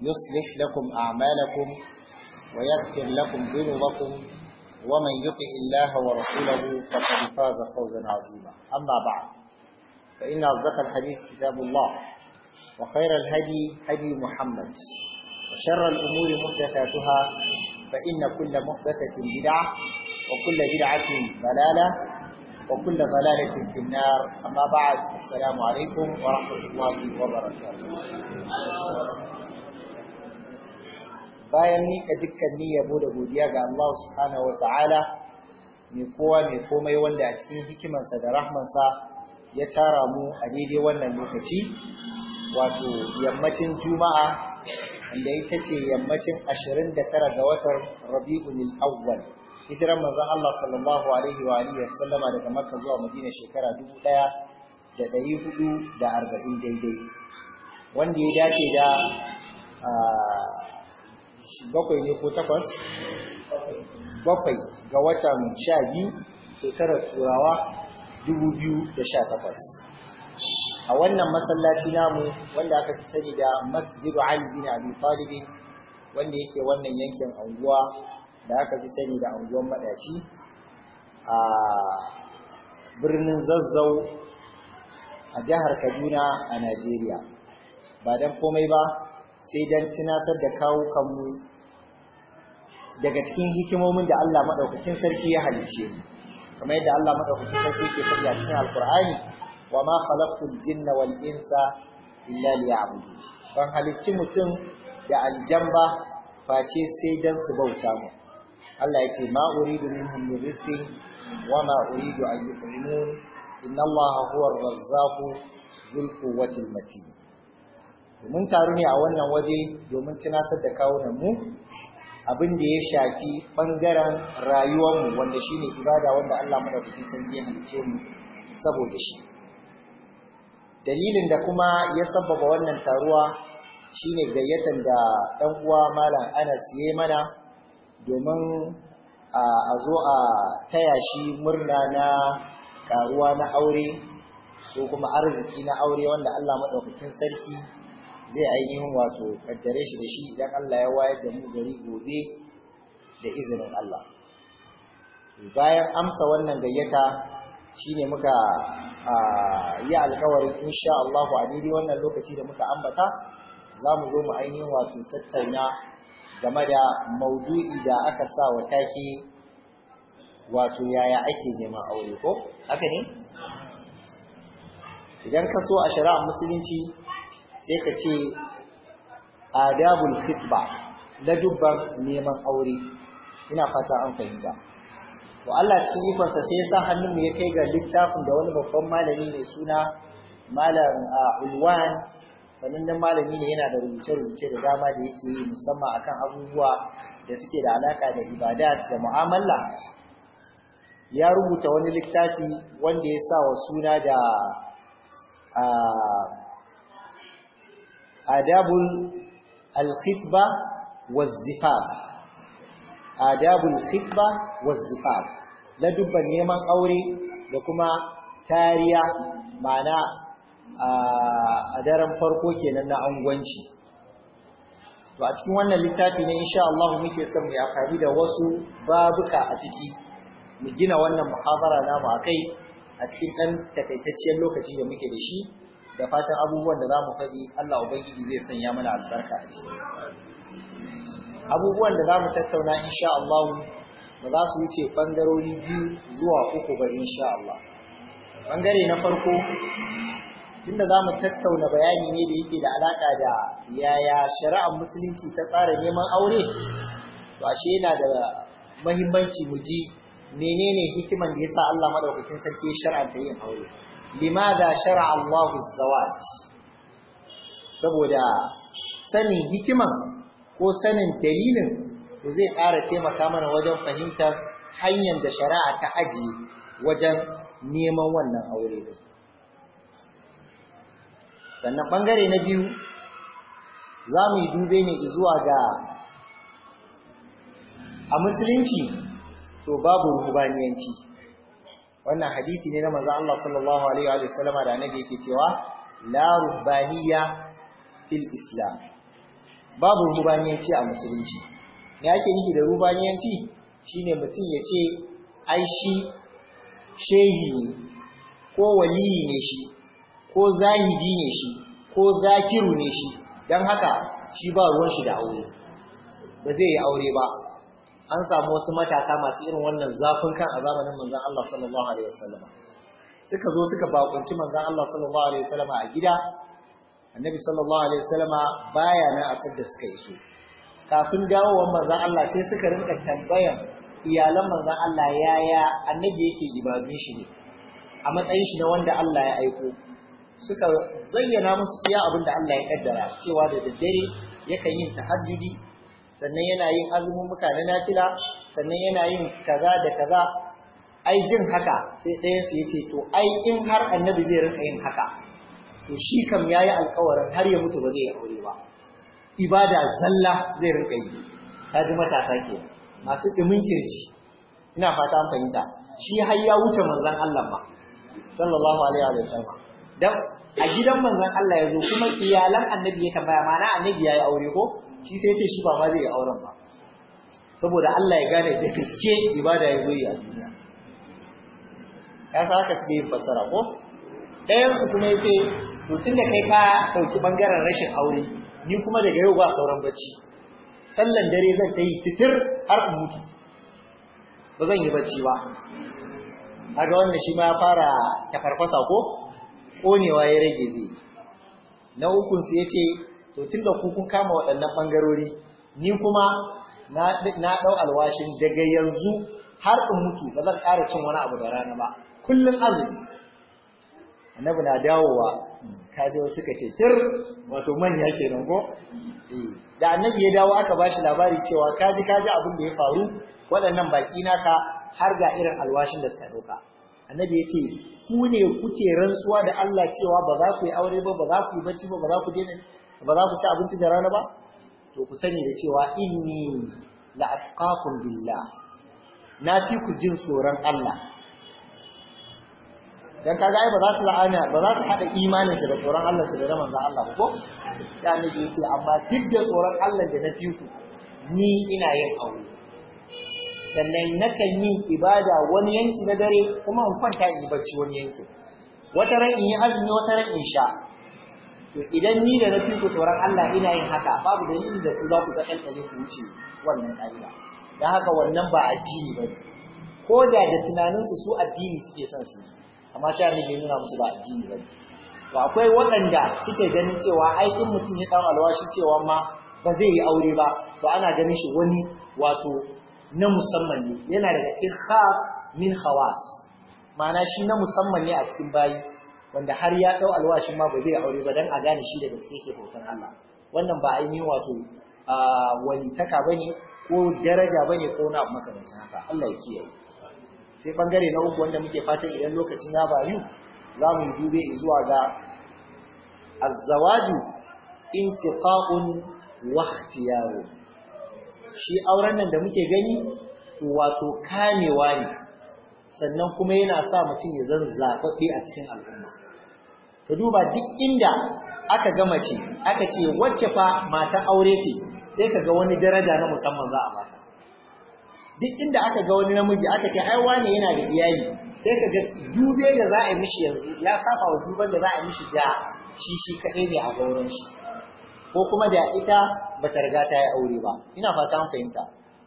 يصلح لكم أعمالكم ويغفر لكم ذنوبكم ومن يطع الله ورسوله فقد فاز فوزا عظيما أما بعد فإن أصدق الحديث كتاب الله وخير الهدي هدي محمد وشر الأمور محدثاتها فإن كل محدثة بدعة وكل بدعة ضلالة وكل ضلالة في النار أما بعد السلام عليكم ورحمة الله وبركاته bayan mika dukkan yabo da godiya ga Allah subhanahu wa ta'ala mai kowa mai komai wanda a cikin hikimarsa da rahmansa ya tara mu a daidai wannan lokaci wato yammacin juma'a wanda ita ce yammacin 29 ga watan rabi'ul awwal hijiran manzon Allah sallallahu alaihi wa alihi wasallama daga Makka zuwa Madina shekara 1440 daidai wanda ya dace da ah, bakwai ne ko takwas bakwai ga watan sha biyu shekarar turawa dubu biyu da sha takwas a wannan masallaci namu wanda aka fi sani da masjidu ali bin talibin wanda yake wannan yankin anguwa da aka fi sani da anguwan madaci a birnin zazzau a jihar kaduna a najeriya ba don komai ba sai dan tunatar da kawo kanmu daga cikin hikimomin da Allah madaukakin sarki ya halice mu kamar yadda Allah maɗaukacin sarki ke faɗi a cikin Alkur'ani wa ma khalaqtul jinna wal insa illa liya'budu ban halicci mutum da aljamba face sai dan su bauta mu Allah ya ce ma uridu minhum min wa ma uridu an yut'imun inna Allah huwa ar-razzaqu dhul quwwati matin mun taru ne a wannan waje domin tunasar da kawunan mu abin da ya shafi bangaren rayuwarmu wanda shi ne ibada wanda Allah kuke san ya halice mu saboda shi dalilin da kuma ya sabbaba wannan taruwa shine gayyatan da dan uwa malam Anas ya yi mana domin a zo a taya shi murna na karuwa na aure ko kuma arziki na aure wanda Allah madaukakin sarki zai ainihin wato kaddare shi da shi idan Allah ya wayar da mu gari gobe da izinin Allah bayan amsa wannan gayyata shi ne muka yi alkawarin insha Allah a daidai wannan lokaci da muka ambata za mu zo mu ainihin wato tattauna game da maudu'i da aka sa wa take wato yaya ake neman aure ko haka ne idan ka so a shari'ar musulunci sai ka ce adabul na dubban neman aure ina fata an fahimta to Allah cikin ikonsa sai ya sa hannunmu ya kai ga littafin da wani babban malami mai suna malam Ulwan sanannen malami ne yana da rubuce-rubuce da dama da yake yi musamman akan abubuwa da suke da alaka da ibadat da mu'amala ya rubuta wani littafi wanda ya sa wa suna da adabul alkhitba wazzifaf adabul khitba wazzifaf neman aure da kuma tariya ma'ana a daren farko kenan na angwanci to a cikin wannan littafi ne insha Allah muke son mu amfani da wasu babuka a ciki mu gina wannan muhabara namu akai a cikin ɗan takaitacciyar lokaci da muke da shi da fatan abubuwan da za mu faɗi Allah Ubangiji zai sanya mana albarka a ciki. Abubuwan da za mu tattauna insha Allah ba za su wuce ɓangarori biyu zuwa uku ba insha Allah. Ɓangare na farko, tunda za mu tattauna bayani ne da yake da alaƙa da yaya shari'ar musulunci ta tsara neman aure, to ashe yana da mahimmanci mu ji menene hikiman da yasa Allah madaukakin sarki ya ta yin aure. limadha shar'a Allahu zawaj saboda sanin hikiman ko sanin dalilin da zai ƙara taimaka mana wajen fahimtar hanyar da shari'a ta ajiye wajen neman wannan aure sannan bangare na biyu za mu yi dube ne zuwa ga a musulunci to babu ruhubaniyanci wannan hadisi ne na manzo Allah sallallahu alaihi wa sallam da annabi yake cewa la ruhbaniyya fil islam babu rubaniyanci a musulunci me ake nufi da rubaniyanci shine mutum ya ce ai shi shehi ne ko waliyi ne shi ko zahidi ne shi ko zakiru ne shi dan haka shi ba ruwan shi da aure ba zai yi aure ba an samu wasu matasa masu irin wannan zafin kan a zamanin manzan Allah sallallahu alaihi wasallam suka zo suka bakunci manzan Allah sallallahu alaihi wasallam a gida annabi sallallahu alaihi wasallam baya nan a sadda suka iso kafin dawowar manzan Allah sai suka rinka tambayan iyalan manzan Allah yaya annabi yake ibadun shi ne a matsayin shi na wanda Allah ya aiko suka zayyana musu iya abin da Allah ya kaddara cewa da daddare yakan yin tahajjudi sannan yana yin azumin mutane na nafila sannan yana yin kaza da kaza ai jin haka sai ɗaya su yace to ai in har annabi zai rinka yin haka to shi kam yayi alƙawarin har ya mutu ba zai aure ba ibada zalla zai rinka yi ta ji matasa ke masu ɗumin kirji ina fata an fahimta shi har ya wuce manzon Allah ba sallallahu alaihi wa sallam dan a gidan manzon Allah ya zo kuma iyalan annabi ya tambaya na annabi ya yi aure ko shi sai ce shi ba ma zai yi auren ba saboda Allah ya gane da gaske ibada ya zo a duniya ya sa haka suke yin fassara ko ɗayan su kuma yace to tun da kai ka ɗauki bangaren rashin aure ni kuma daga yau ba sauran bacci sallan dare zan ta yi titir har in mutu ba zan yi bacci ba ga wannan shi ma ya fara tafarfasa ko konewa ya rage zai na ukun su yace to tunda ku kun kama waɗannan ɓangarori ni kuma na ɗau alwashin daga yanzu har in mutu ba zan ƙara cin wani abu da rana ba kullum azumi annabi na dawowa kaje suka ce tir wato manya nan ko eh, da annabi ya dawo aka bashi labari cewa kaji kaji abin da ya faru waɗannan baki naka har ga irin alwashin da suka ɗauka annabi ya ce ku ne kuke rantsuwa da Allah cewa ba za ku yi aure ba ba za ku yi bacci ba ba za ku daina ba za ku ci abinci da rana ba to ku sani da cewa inni la'afqakum billah na fi ku jin tsoron Allah dan kaga ai ba za su la'ana ba za su hada imanin su da tsoron Allah su da raman da Allah ko ya ne yace amma duk da tsoron Allah da na fi ku ni ina yin aure sannan nakan yi ibada wani yanki na dare kuma in kwanta in yi bacci wani yanki wata ran in yi azumi wata ran in sha to idan ni da na fi ku tsoron Allah ina yin haka babu yin da za ku zaɓen ɗari ku wuce wannan ƙa'ida don haka wannan ba addini ne. ko da da tunaninsu su addini suke son su amma sai annabi nuna musu ba addini ne. to akwai waɗanda suke ganin cewa aikin mutum ya dan alwashi cewa ma ba zai yi aure ba to ana ganin shi wani wato na musamman ne yana da cikin khas min hawas, ma'ana shi na musamman ne a cikin bayi wanda har ya dau alwashin ma ba zai aure ba dan a gane shi da gaske yake bautan Allah wannan ba ainihin wato walitaka bane ko daraja bane ko na abu makamancin haka Allah ya kiyaye sai bangare na uku wanda muke fatan idan lokacin ya bayu za mu dube zuwa ga azzawaju intiqa'un wa ikhtiyaru shi auren nan da muke gani wato kamewa ne sannan kuma yana sa mutum ya zan zaɓaɓɓe a cikin al'umma ka duba duk inda aka gama ce, aka ce wacce fa matan aure ce sai ka ga wani daraja na musamman za a duk inda aka ga wani namiji aka ce ai wane yana da iyali sai ka ga dube da za a yi mishi yanzu ya saba wa duban da za a yi mishi da shi shi kaɗai ne a gauran shi ko kuma da ita ba ta riga ta yi aure ba ina fata an fahimta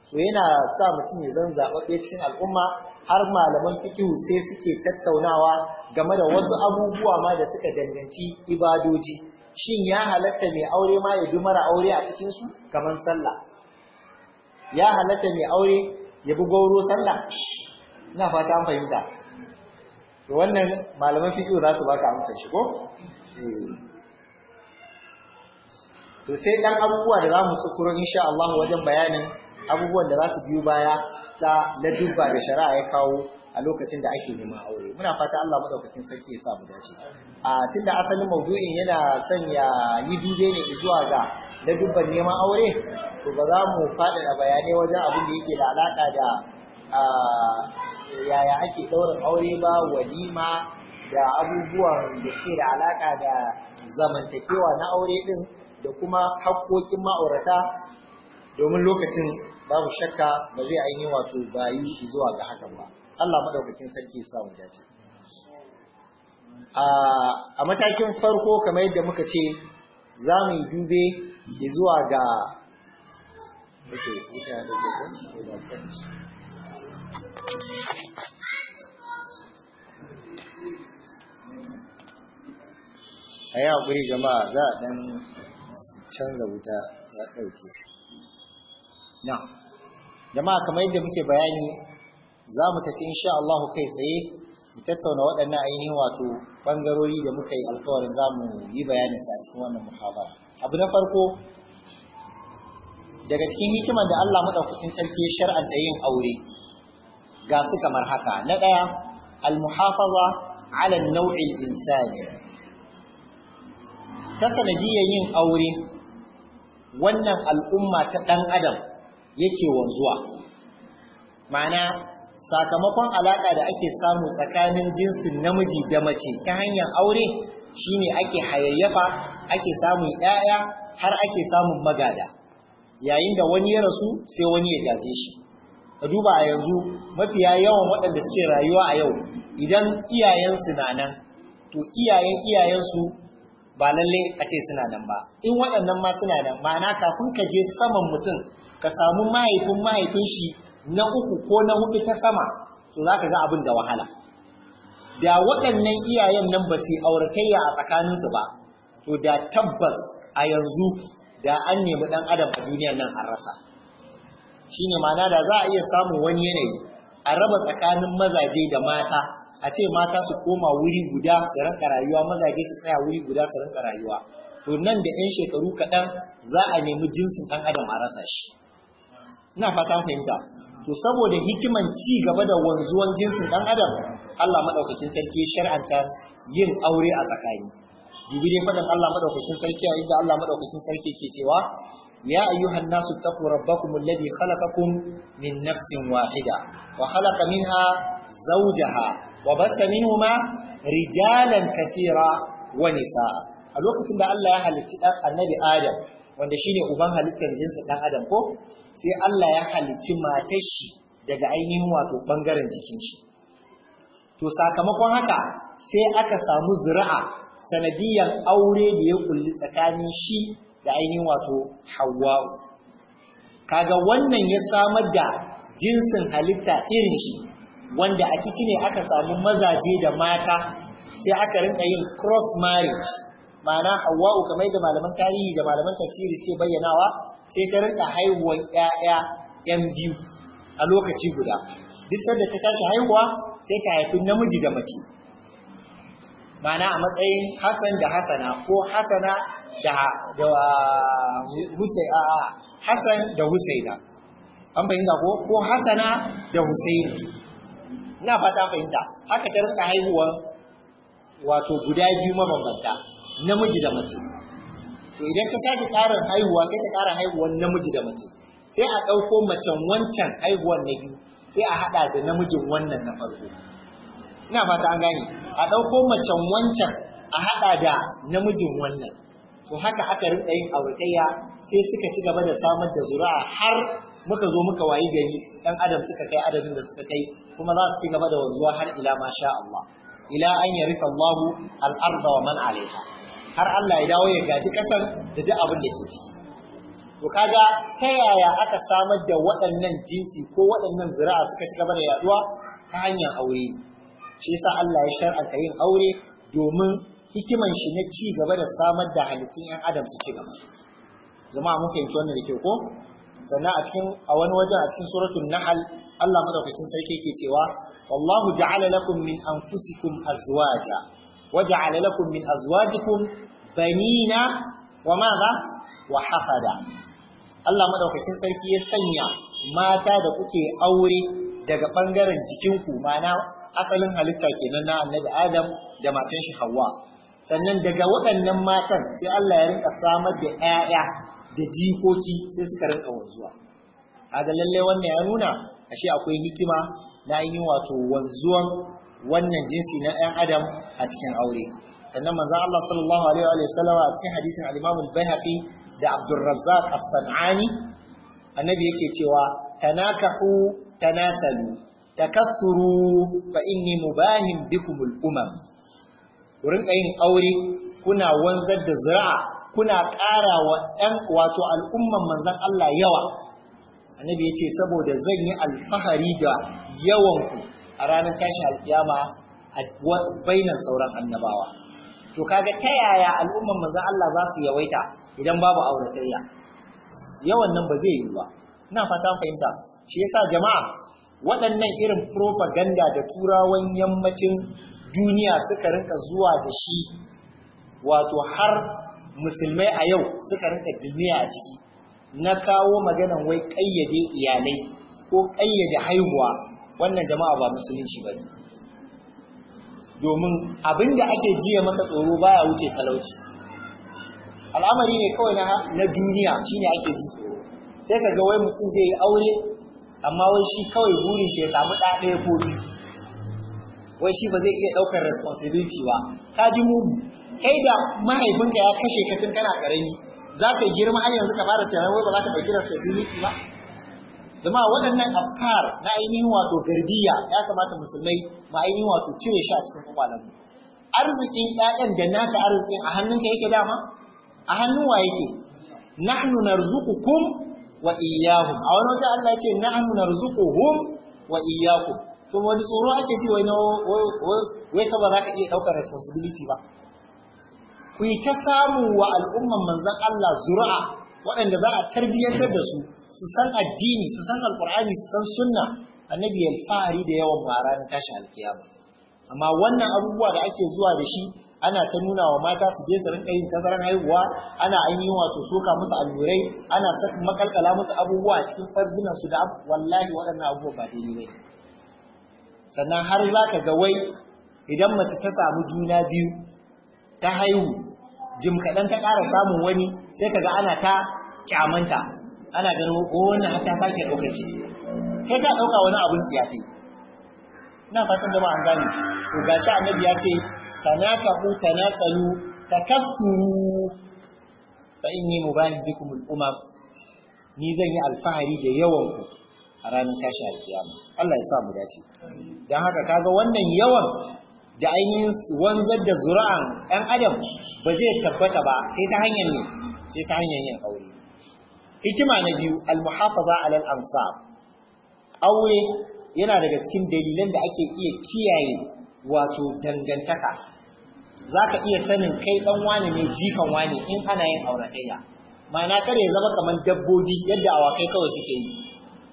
so yana sa mutum ya zan zaɓaɓɓe cikin al'umma har malaman fikihu sai suke tattaunawa game da wasu abubuwa ma da suka danganci ibadoji shin ya halatta mai aure ma ya bi mara aure a cikinsu kamar sallah ya halatta mai aure ya bi gauro sallah ina fata an fahimta to wannan malaman fikihu za su baka amsa shi ko eh. to sai dan abubuwa da za mu tsukuro insha Allah wajen bayanin abubuwan da za su biyu baya ta na dubba da shari'a ya kawo a lokacin da ake neman aure muna fata Allah madaukakin sarki ya sa mu dace a tunda asalin maudu'in yana son ya yi dube ne zuwa ga na dubban neman aure to ba za mu da bayanai wajen abin da yake da alaƙa da yaya ake ɗaurin aure ba walima da abubuwan da ke da alaƙa da zamantakewa na aure ɗin da kuma haƙƙoƙin ma'aurata domin lokacin babu shakka ba zai ainihin wato bayu zuwa ga haka ba Allah maɗaukakin sarki ya samu dace a matakin farko kamar yadda muka ce za mu yi dube zuwa ga a yi haƙuri jama'a za a ɗan canza wuta ya ɗauke na jama'a kamar yadda muke bayani za mu tafi insha Allah kai tsaye mu tattauna waɗannan ainihin wato bangarori da muka yi alkawarin za mu yi bayanin sa a cikin wannan muhabara abu na farko daga cikin hikimar da Allah madaukakin sarki ya shar'anta yin aure ga su kamar haka na ɗaya al-muhafaza ala nau'il insani ta sanadiyyar yin aure wannan al'umma ta ɗan adam yake wanzuwa ma'ana sakamakon alaka da ake samu tsakanin jinsin namiji da mace ta hanyar aure shine ake hayayyafa ake samun 'ya'ya har ake samun magada yayin da wani ya rasu sai wani ya gaje shi A duba a yanzu mafiya yawan waɗanda suke rayuwa a yau idan iyayensu na nan to iyayen iyayensu ba lalle a ce suna nan ba in waɗannan ma suna nan ma'ana kafin ka je saman mutum ka samu mahaifin mahaifin shi na uku ko na hudu ta sama to za ka ga abin da wahala da waɗannan iyayen nan ba su auratayya a tsakaninsu ba to da tabbas a yanzu da an nemi ɗan adam a duniyar nan an rasa shine ma'ana da za a iya samun wani yanayi a raba tsakanin mazaje da mata a ce mata su koma wuri guda su rinka rayuwa mazaje su tsaya wuri guda su rinka rayuwa to nan da yan shekaru kaɗan za a nemi jinsin ɗan adam a rasa shi ina fata fahimta to saboda hikiman ci gaba da wanzuwan jinsin ɗan adam Allah madaukakin sarki ya shar'anta yin aure a tsakani dubi dai faɗin Allah madaukakin sarki a inda Allah maɗaukacin sarki ke cewa يا أيها الناس اتقوا ربكم الذي خلقكم من نفس واحدة وخلق منها زوجها وبث منهما رجالا كثيرا ونساء a lokacin da Allah ya halicci dan annabi Adam wanda shine uban halittar jinsin dan Adam ko sai Allah ya halicci matar shi daga ainihin wato bangaren jikin shi to sakamakon haka sai aka samu zuri'a sanadiyar aure da ya kulli tsakanin shi da ainihin wato Hauwa. kaga wannan ya samar da jinsin halitta irin shi wanda a ciki ne aka samu mazaje da mata sai aka rinka yin cross marriage ma'ana hawa'u kamar da malaman tarihi da malaman tafsiri suke bayyanawa sai ta rinka haihuwar ƴaƴa ƴan biyu a lokaci guda duk sanda ta tashi haihuwa sai ta haifi namiji da mace ma'ana a matsayin Hassan da hasana ko hasana da da Hassan da Husaina an fahimta ko ko da Husaini ina fata fahimta haka ta rinka haihuwar wato guda biyu mabambanta namiji da mace to idan ka sake ƙarin haihuwa sai ta ƙara haihuwar namiji da mace sai a ɗauko macen wancan haihuwar na biyu sai a haɗa da namijin wannan na farko ina fata an gane a ɗauko macen wancan a haɗa da namijin wannan to haka aka rinka yin auratayya sai suka ci gaba da samar da zuri'a har muka zo muka wayi gari ɗan adam suka kai adadin da suka kai kuma za su ci gaba da wanzuwa har ila ma sha Allah ila an yarisa Allah al wa man alaiha har Allah ya dawo ya gaji kasan da duk abin da ke ciki to kaga ta yaya aka samar da waɗannan jinsi ko waɗannan zira'a suka ci gaba da yaduwa ta hanyar aure shi yasa Allah ya shar'anta yin aure domin hikiman shi na ci gaba da samar da halittun 'yan adam su ci gaba jama'a mun fahimci wannan da ke ko sannan a cikin a wani wajen a cikin suratul nahl Allah madaukakin sarki yake cewa wallahu ja'ala lakum min anfusikum azwaja wa ja'ala lakum min azwajikum banina wa madha wa hafada Allah madaukakin sarki ya sanya mata da kuke aure daga bangaren jikinku mana asalin halitta kenan na annabi Adam da matan shi Hawwa sannan daga waɗannan matan sai Allah ya rinka samar da ƴaƴa da jikoki sai suka rinka wanzuwa ga lalle wannan ya nuna ashe akwai hikima na ainihin wato wanzuwan wannan jinsi na ɗan adam a cikin aure sannan manzo Allah sallallahu alaihi wa sallam a cikin hadisin al-Imam al-Baihaqi da Abdul as-San'ani annabi yake cewa tanakahu tanasalu takathuru fa inni mubahin bikum al-umam wurin yin aure kuna wanzar da zira'a kuna ƙara wa ɗan wato al'umman manzon Allah yawa annabi ya ce saboda zan yi alfahari da yawanku a ranar tashin alkiyama a bainar sauran annabawa to kaga ta yaya al'umman manzon Allah za su yawaita idan babu auratayya yawan nan ba zai yi ba ina fata fahimta shi yasa jama'a waɗannan irin propaganda da turawan yammacin duniya suka rinka zuwa da shi wato har musulmai a yau suka rinka duniya a ciki na kawo maganan wai ƙayyade iyalai ko ƙayyade haihuwa wannan jama'a ba musulunci ba ne domin abin da ake jiya maka tsoro baya wuce talauci al'amari ne kawai na duniya shine ake ji tsoro sai ka ga wai mutum zai yi aure amma wai shi kawai burin shi ya samu ɗa ɗaya ko wai shi ba zai iya ɗaukar responsibility ba ka ji mugu kai da mahaifinka ya kashe ka tun kana ƙarami za ka girma har yanzu ka fara tunanin wai ba za ka ɗauki responsibility ba Zama waɗannan afkar na ainihin wato gardiya ya kamata musulmai ma ainihin wato cire shi a cikin kwakwalanmu arzikin ƴaƴan da naka arzikin a hannun ka yake dama a hannun wa yake nahnu narzuqukum wa iyyahum a wani wata Allah ce nahnu narzuquhum wa iyyakum wani tsoro ake ji wai wai ba za ka iya ɗaukar responsibility ba ku yi ta samu wa al'umman manzan Allah zura'a waɗanda za a tarbiyyantar da su su san addini su san alƙur'ani su san sunna annabi ya fahari da yawan bara na tashi alkiyama amma wannan abubuwa da ake zuwa da shi ana ta nuna wa mata su je su rinka yin tazaran haihuwa ana an yi wato soka musu allurai ana makalkala musu abubuwa cikin farjinan su da wallahi waɗannan abubuwa ba daidai bane sannan har za ka ga wai idan mace ta samu juna biyu ta haihu jim kaɗan ta ƙara samun wani sai kaga ana ta ƙyamanta ana ganin ko oh, wannan har ta sake ɗaukar kai ka ɗauka wani abun siyasi ina fatan jama'a an gane to shi annabi ya ce tsalu, ta takaffuru fa inni mubahin al-umam ni zan yi alfahari da yawan ku a ranar tashi alkiyama Allah ya sa mu dace Don haka kaga wannan yawan da ainihin wanzar da zura'an ɗan adam ba zai tabbata ba sai ta hanyar ne sai ta hanyar yin aure hikima na biyu almuhafaza alal ansab aure yana daga cikin dalilan da ake iya kiyaye wato dangantaka zaka iya sanin kai dan wani ne jikan wani in ana yin aure ɗaya, ma'ana kar ya zama kamar dabbobi yadda awakai kawai suke yi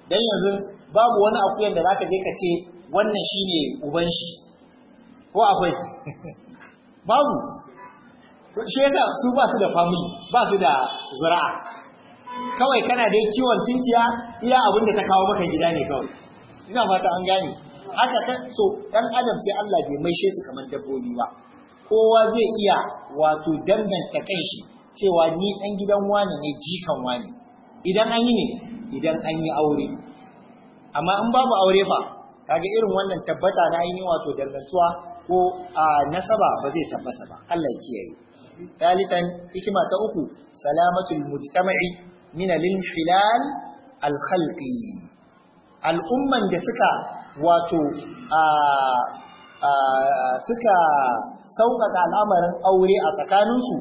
dan yanzu babu wani akuyan da zaka je ka ce wannan shine uban shi ko akwai babu shi yasa su ba su da family ba su da zura'a kawai kana dai kiwon tinkiya iya abin da ta kawo maka gida ne kawai ina fata an gane haka kan so dan adam sai Allah bai maishe su kamar dabbobi ba kowa zai iya wato danganta kanshi cewa ni dan gidan wani ne jikan wani idan an yi ne idan an yi aure amma in babu aure fa kaga irin wannan tabbata na ainihin wato dangantuwa ko a nasaba ba zai tabbata ba Allah ya kiyaye ثالثا حكمة أكو سلامة المجتمع من الانحلال الخلقي الأمة Al'umman da suka sauƙaƙa al'amarin aure a tsakaninsu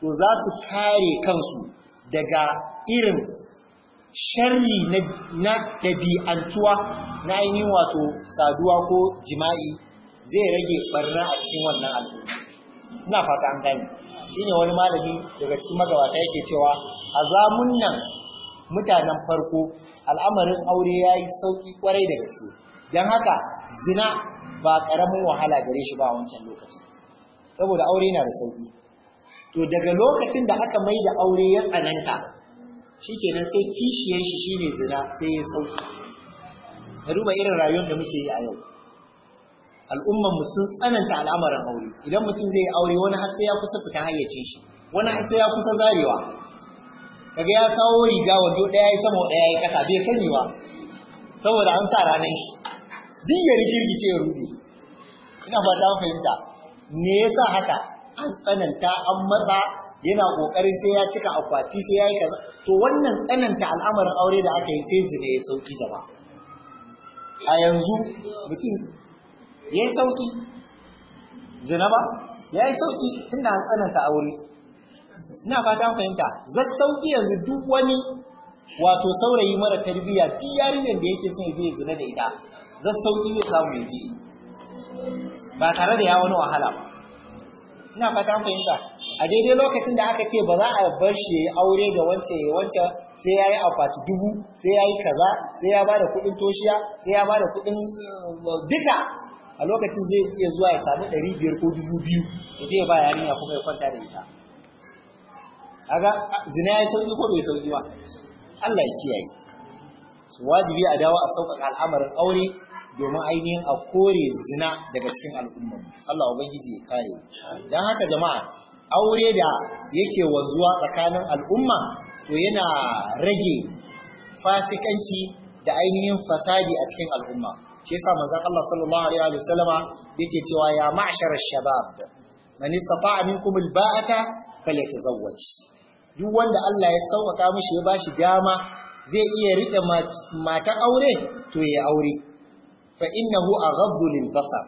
to za su kare kansu daga irin sharri na ɗabi'antuwa na ainihin wato saduwa ko jima'i zai rage ɓarna a cikin wannan al'umma. Ina fata an gani. shine wani malami daga cikin magabata yake cewa a zamun nan mutanen farko al'amarin aure ya yi sauƙi kwarai da gaske don haka zina ba ƙaramin wahala gare shi ba a wancan lokacin saboda aure na da sauƙi to daga lokacin da aka mai da aure ya tsananta nan sai kishiyar shi shine zina sai ya sauki ka duba irin rayuwar da muke yi a yau al'umman mu sun tsananta al'amarin aure idan mutum zai yi aure wani har sai ya kusa fita hayyacin shi wani har sai ya kusa zarewa kaga ya sawo riga wajo daya ya sama daya ya kasa bai kani ba saboda an sa ranar shi duk ya rikirkice ya rude ina ba ta fahimta me yasa haka an tsananta an matsa yana kokarin sai ya cika akwati sai ya yi kaza to wannan tsananta al'amarin aure da aka yi sai zine ya sauki jama'a a yanzu mutum ya yi sauki zina ba ya yi sauki ina an tsananta aure ina fata fahimta zai sauki yanzu duk wani wato saurayi mara tarbiyya duk yarinyar da yake son zai zina da ita zai sauki zai samu ya ji ba tare da ya wani wahala ba ina fata fahimta a daidai lokacin da aka ce ba za a bar shi ya yi aure ga wance ya wance sai ya yi akwati dubu sai ya yi kaza sai ya bada kuɗin toshiya sai ya bada kuɗin eh, duka a lokacin zai iya zuwa ya sami ɗari biyar ko dubu biyu ya je ba yarinya kuma ya kwanta da ita zina ya sauki ko bai sauki ba Allah ya kiyaye Su wajibi a dawo a sauƙaƙa al'amarin aure domin ainihin a kore zina daga cikin al'umma Allah ubangiji ya kare Don haka jama'a aure da yake wanzuwa tsakanin al'umma to yana rage fasikanci da ainihin fasadi a cikin al'umma shi yasa manzon Allah sallallahu alaihi wa sallama yake cewa ya ma'shar shabab man istata'a minkum alba'ata falyatazawwaj duk wanda Allah ya sauƙaƙa mishi ya bashi dama zai iya rike mata aure to ya aure fa innahu aghaddu lilbasar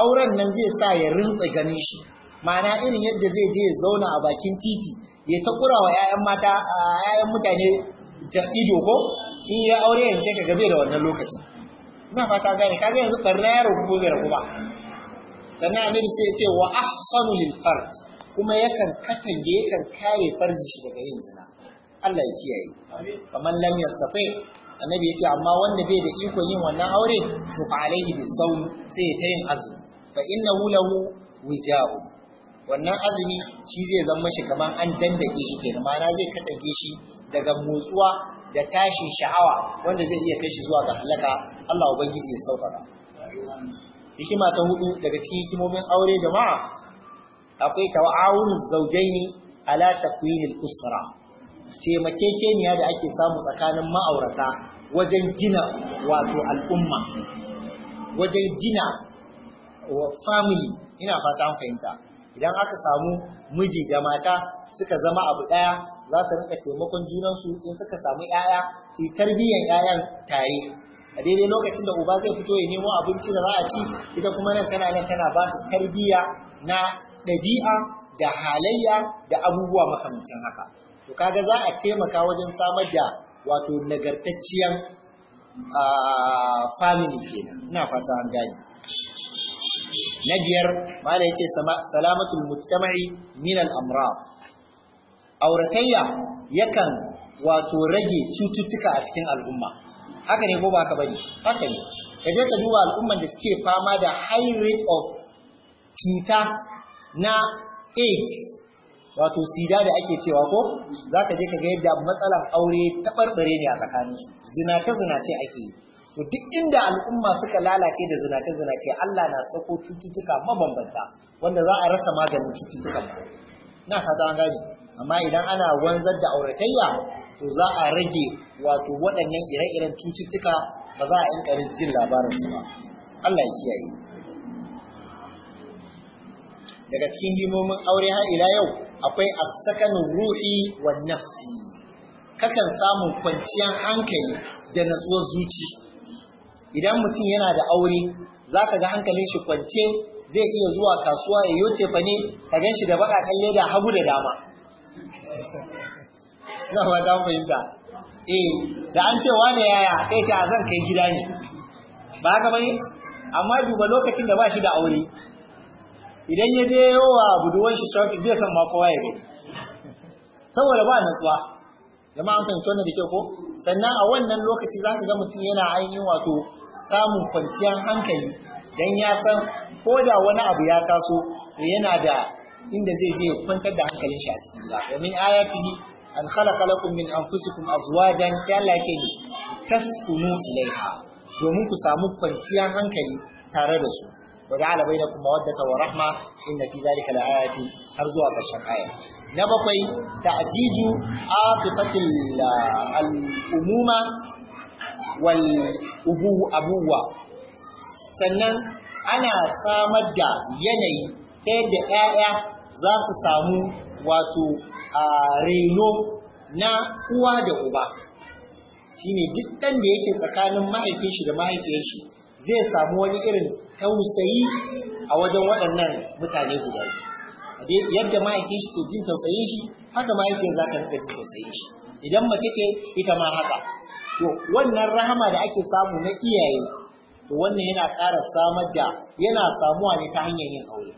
auren nan zai sa ya rintsa ganin shi ma'ana irin yadda zai je ya zauna a bakin titi ya ta kura wa 'ya'yan mata 'ya'yan mutane ido ko in ya aure yanzu ka gabe da wannan lokacin ina fata gane kaga yanzu barna ya rubu bai rubu ba sannan annabi sai ya ce wa ahsanu lil fard kuma yakan katange yakan kare farji shi daga yin zina Allah ya kiyaye kamar lam yastati annabi yace amma wanda bai da ikon yin wannan aure to fa alaihi bisawm sai ta yin azumi fa innahu lahu wija'u wannan azumi shi zai zama shi kamar an dandake shi kenan ma'ana zai katange shi daga motsuwa da tashin sha'awa wanda zai iya kai shi zuwa ga halaka Allah ubangiji ya saukaka. hikima ta hudu daga cikin hikimomin aure jama'a akwai tawa'un zaujaini ala takwinil usra taimakekeniya da ake samu tsakanin ma'aurata wajen gina wato al'umma wajen gina wa family ina fata an fahimta idan aka samu miji da mata suka zama abu daya za su rinka taimakon junansu in suka samu 'ya'ya su tarbiyyar 'ya'yan tare a daidai lokacin da uba zai fito ya nemo abinci da za a ci ita kuma nan kana nan kana ba su tarbiyya na ɗabi'a da halayya da abubuwa makamancin haka to kaga za a taimaka wajen samar da wato nagartacciyan family kenan ina fata an gane na biyar mala yace salamatul mujtama'i min al amrad auratayya yakan wato rage cututtuka a cikin al'umma haka ne ko ba ka bari? haka ne ka je ka duba al'umman da suke fama da high rate of cuta na AIDS wato sida da ake cewa ko ka je ka ga yadda matsalar aure taɓarɓare ne a tsakanin su zinace zinace ake yi to duk inda al'umma suka lalace da zinace zinace Allah na sako cututtuka mabambanta wanda za a rasa maganin cututtukan ba na fata an gani amma idan ana wanzar da auratayya to za a rage wato waɗannan ire-iren cututtuka ba za a ƙarin jin labarinsu ba Allah ya kiyaye daga cikin himomin aure har ila yau akwai asakanin ruhi wa nafsi kakan samun kwanciyar hankali da natsuwar zuci idan mutum yana da aure za ka ga hankalin shi kwance zai iya zuwa kasuwa ya yi fa ne ka gan shi da kalle da hagu da dama na ba fahimta eh da an ce wani yaya sai ta zan kai gida ne ba haka bane amma duba lokacin da ba shi da aure idan ya je yawa buduwan shi shopping zai san ma kowa ya gani saboda ba natsuwa jama'an fahimci wannan da kyau ko sannan a wannan lokaci za ka ga mutum yana ainihin wato samun kwanciyar hankali dan ya san ko da wani abu ya taso yana da inda zai je kwantar da hankalin shi a cikin gida domin ayatihi an khalaqa lakum min anfusikum azwajan sai Allah yake ni taskunu ilaiha domin ku samu kwanciyar hankali tare da su wa ja'ala bainakum mawaddata wa rahma inna fi dhalika laayatin har zuwa ƙarshen aya na bakwai ta'jiju aqifatil al-umuma wal ubu abuwa sannan ana samar da yanayi ta yadda 'ya'ya za su samu wato reno na uwa da uba shine duk ɗan da yake tsakanin mahaifinshi shi da ma'aikin shi zai samu wani irin tausayi a wajen waɗannan mutane guda yadda ma'aikin shi ke jin tausayin shi haka ma'aikin za ta rika jin tausayin shi idan mace ce ita ma haka to wannan rahama da ake samu na iyaye to wannan yana ƙara samar da yana samuwa ne ta hanyar yin aure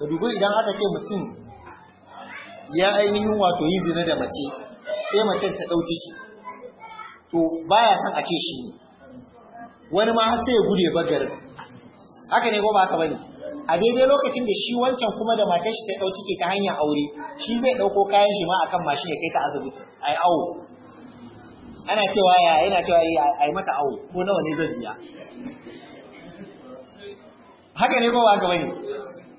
ka dubi idan aka ce mutum ya ainihin wato yi zina da mace sai macen ta ɗau ciki to ya son a ce shi ne wani ma har sai ya gude ba garin haka ne ko ba haka bane a daidai lokacin da shi wancan kuma da matar shi ta ɗau ciki ta hanyar aure shi zai ɗauko kayan shi ma akan mashin ya kai ta asibiti ai awo ana cewa ya yana cewa ai mata awo ko nawa ne zan biya haka ne ko ba haka bane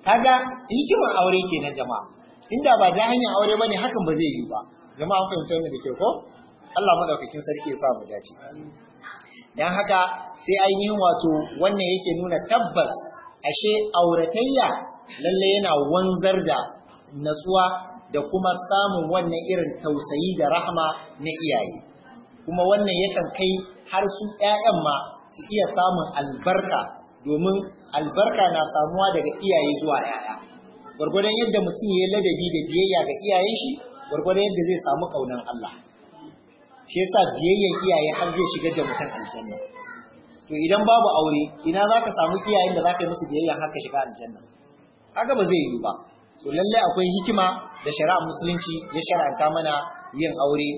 kaga hikimar aure kenan jama'a inda ba ta hanyar aure bane hakan ba zai yi ba jama'a fahimta mu da kyau ko Allah madaukakin sarki ya sa mu dace dan haka sai ainihin wato wannan yake nuna tabbas ashe auratayya lalle yana wanzar da natsuwa da kuma samun wannan irin tausayi da rahama na iyaye kuma wannan yakan kai har su ƴaƴan ma su iya samun albarka domin albarka na samuwa daga iyaye zuwa ƴaƴa gwargwadon yadda mutum ya yi ladabi da biyayya ga iyayen shi gwargwadon yadda zai samu kaunan Allah shi yasa biyayyan iyaye har zai shigar da mutum aljanna to idan babu aure ina za ka samu iyayen da zaka yi musu biyayya haka shiga aljanna kaga ba zai yi ba to lallai akwai hikima da shari'ar musulunci ya shar'anta mana yin aure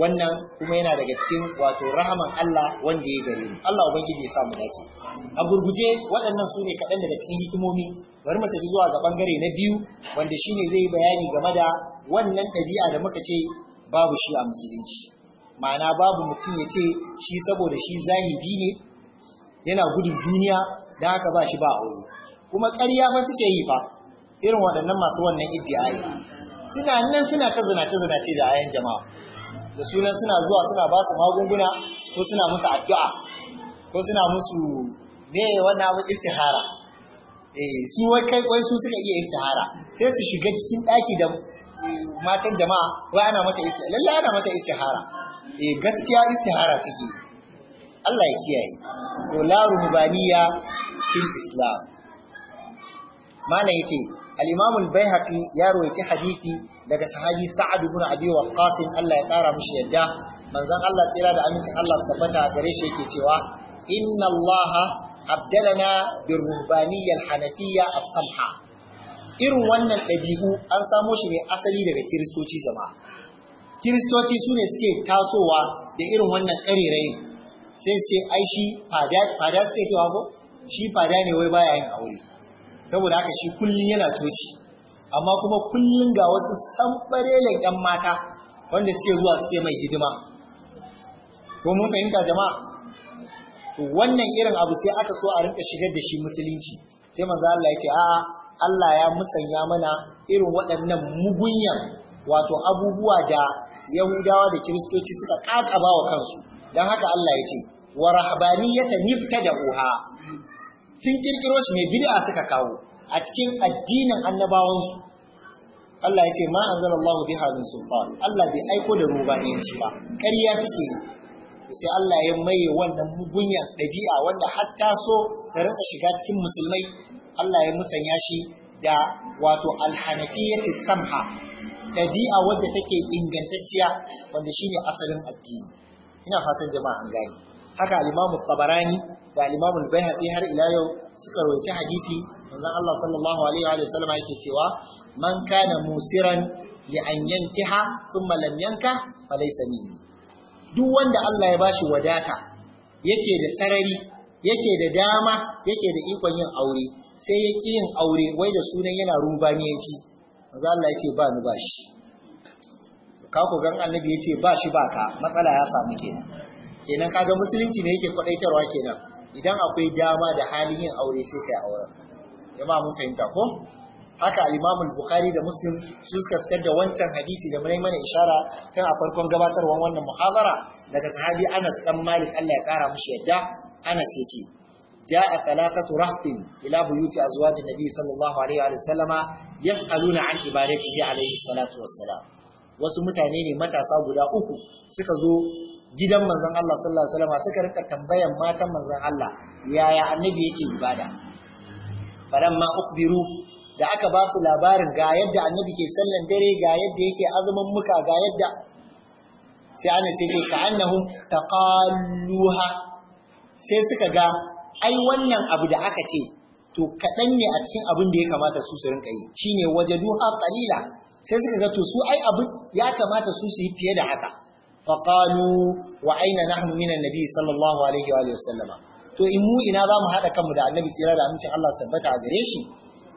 wannan kuma yana daga cikin wato rahaman Allah wanda ya gare mu Allah ubangiji ya sa mu dace a gurguje waɗannan su ne kaɗan daga cikin hikimomi bari mu tafi zuwa ga bangare na biyu wanda shine zai bayani game da wannan ɗabi'a da muka ce babu shi a musulunci ma'ana babu mutum ya ce shi saboda shi zahidi ne yana gudun duniya da haka ba shi ba aure kuma ƙarya fa suke yi fa irin waɗannan masu wannan iddiyayi suna nan suna ta zinace zinace da ayan jama'a da sunan suna zuwa suna ba su magunguna ko suna musu addu'a ko suna musu ne wannan abin istihara Eh, su wai kai wai su suka iya istihara sai su shiga cikin daki da matan jama'a wai ana mata istihara lalle ana mata istihara eh gaskiya istihara suke Allah ya kiyaye to la rubaniya fil islam malam yace al-imam al-baihaqi ya rawaiti hadisi daga sahabi sa'ad ibn abi waqqas Allah ya kara mishi yadda manzon Allah tsira da amincin Allah tabbata gare shi yake cewa inna Allah abdalana bin rubaniyar hanafiya a samha irin wannan ɗabi'u an samo shi ne asali daga kiristoci zama kiristoci sune ne suke tasowa da irin wannan ƙarerayin sai ce ai shi fada suke cewa ko shi fada ne wai baya yin aure saboda haka shi kullum yana coci amma kuma kullum ga wasu sambarelen ɗan mata wanda suke zuwa suke mai hidima ko mun fahimta jama'a to wannan irin abu sai aka so a rinka shigar da shi musulunci sai manzo Allah ya ce a'a Allah ya musanya mana irin waɗannan mugunyan wato abubuwa da Yahudawa da Kiristoci suka kakaba wa kansu dan haka Allah ya ce wa rahbaniyata niftada'uha sun kirkiro shi ne bid'a suka kawo a cikin addinin annabawansu Allah ya ce ma anzalallahu biha min sultan Allah bai aiko da rubaniyanci ba ƙarya take yi sai Allah ya maye wannan mugunyan ɗabi'a wanda har ta so ta rinka shiga cikin musulmai Allah ya musanya shi da wato alhanafiyyati samha ɗabi'a wadda take ingantacciya wanda shine asalin addini ina fatan jama'a an gane haka al-Imam Tabarani da al-Imam Al-Baihaqi har ila yau suka rawaita hadisi manzon Allah sallallahu alaihi wa sallam yake cewa man kana musiran li an yantaha thumma lam yanka falaysa minni duk wanda Allah ya bashi wadata yake da sarari yake da dama yake da ikon yin aure sai ya ki yin aure wai da sunan yana rubaniyanci manzo Allah yace ce ba ni bashi ka ku gan annabi ya ce ba shi ba ka matsala ya samu kenan kenan kaga musulunci ne yake kwadaitarwa kenan idan akwai dama da halin yin aure sai kai auren jama'a mun fahimta ko haka Alimamul bukhari da Muslim su suka fitar da wancan hadisi da mun mana ishara tun a farkon gabatarwar wannan muhadara daga sahabi Anas dan Malik Allah ya kara mushi yadda Anas yace جاء a رهط إلى بيوت أزواج النبي صلى الله ya وسلم يسألون عن عبادته عليه الصلاة والسلام wasu mutane ne matasa guda uku suka zo gidan manzon Allah sallallahu alaihi suka rika tambayan matan manzon Allah yaya annabi yake ibada ma ukhbiru da aka ba su labarin ga yadda annabi ke sallan dare ga yadda yake azumin muka ga yadda sai ana sai ce ka'annahum taqalluha sai suka ga ai wannan abu da aka ce to kaɗan ne a cikin abin da ya kamata su su rinka yi shine wajaduha qalila sai suka ga to su ai abin ya kamata su su yi fiye da haka faqalu wa aina nahnu min annabi sallallahu alaihi wa sallama to in mu ina za mu haɗa kanmu da annabi tsira da amincin Allah sabbata a gare shi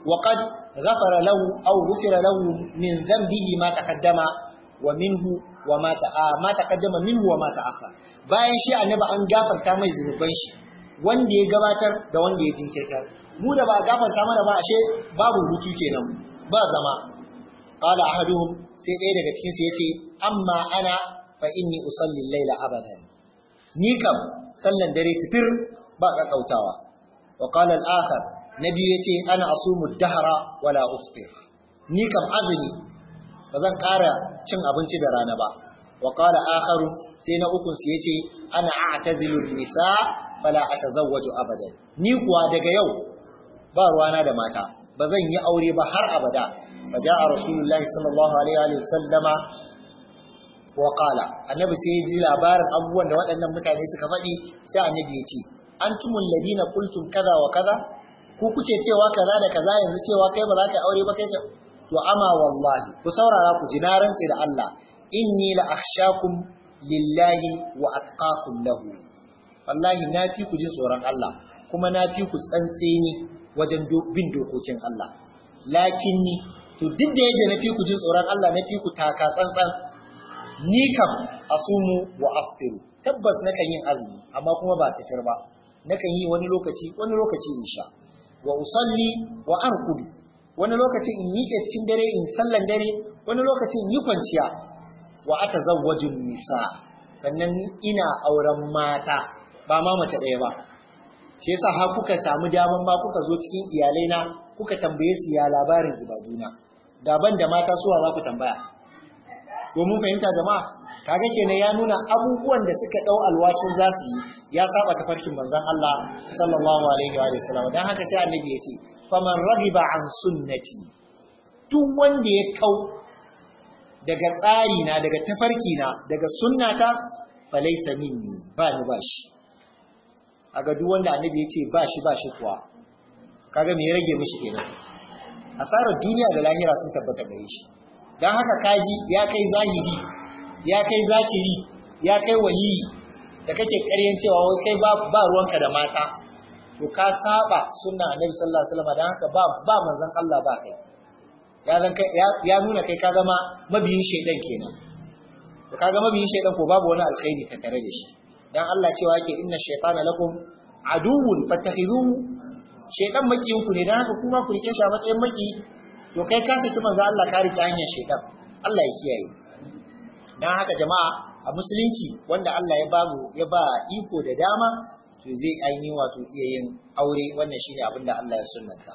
wa qad ghafara lahu aw ghufira min dhanbihi ma taqaddama wa minhu wa ma ta'a bayan shi annabi an gafarta mai zunuban shi wanda ya gabatar da wanda ya jinkirtar mu da ba gafarta mana ba ashe babu hutu kenan ba zama qala ahaduhum sai ɗaya daga cikin su yace amma ana fa inni usalli al-laila abadan ni kam sallan dare tutur ba kakkautawa wa qala al-akhar na biyu ya ce ana asumu dahara wala uftir ni kam azumi ba zan ƙara cin abinci da rana ba wa qala akharu sai na ukun su ce ana a'tazilu nisa fala atazawwaju abadan ni kuwa daga yau ba ruwana da mata ba zan yi aure ba har abada a rasulullahi sallallahu alaihi wa sallama wa annabi sai ji labarin abubuwan da waɗannan mutane suka faɗi sai annabi ya ce antumul ladina qultum kaza wa kaza ku kuke cewa kaza da kaza yanzu cewa kai ba za ka aure ba kai ka to ama wallahi ku saurara ku ji na rantsi da Allah inni la akhshakum lillahi wa atqakum lahu wallahi na fi ku ji tsoron Allah kuma na fi ku tsantseni wajen bin dokokin Allah lakinni to duk da yadda na fi ku ji tsoron Allah na fi ku taka tsantsan ni kam asumu wa aftiru tabbas nakan yin azumi amma kuma ba tarba. ba nakan yi wani lokaci wani lokaci insha wa usalli wa arkudu wani lokaci in miƙe cikin dare in sallan dare wani lokaci in yi kwanciya wa ata zawajin nisa sannan ina auren mata ba ma mace ɗaya ba shi yasa ha kuka samu daman ma kuka zo cikin iyalai na kuka tambaye su ya labarin juna? daban da mata suwa za ku tambaya domin fahimta jama'a kaga kenan ya nuna abubuwan da suka ɗau alwashin za su yi ya saba tafarkin manzon Allah sallallahu alaihi wa sallam dan haka sai annabi ya ce faman raghiba an sunnati duk wanda ya kau daga tsari na daga tafarki na daga sunnata laysa minni ba ni ba shi aga duk wanda annabi ya ce ba shi ba shi kuwa kaga me ya rage mishi kenan asarar duniya da lahira sun tabbata gare shi dan haka kaji ya kai zahiri ya kai zakiri ya kai waliyi da kake ƙaryan cewa wai kai ba ruwanka da mata to ka saba sunna annabi sallallahu alaihi wasallam dan haka ba ba manzon Allah ba kai ya zan kai ya nuna kai ka zama mabiyin shaydan kenan to kaga mabiyin shaydan ko babu wani alkhairi ka tare da shi dan Allah cewa yake inna shaytana lakum aduwwun fattakhizuhu shaydan makiyin ku ne dan haka kuma ku rike shi a matsayin maki to kai ka saki manzon Allah ka rike hanyar shaydan Allah ya kiyaye dan haka jama'a a musulunci wanda Allah ya babu ya ba iko da dama to zai aini wato iya yin aure wannan shine abin da Allah ya sunnanta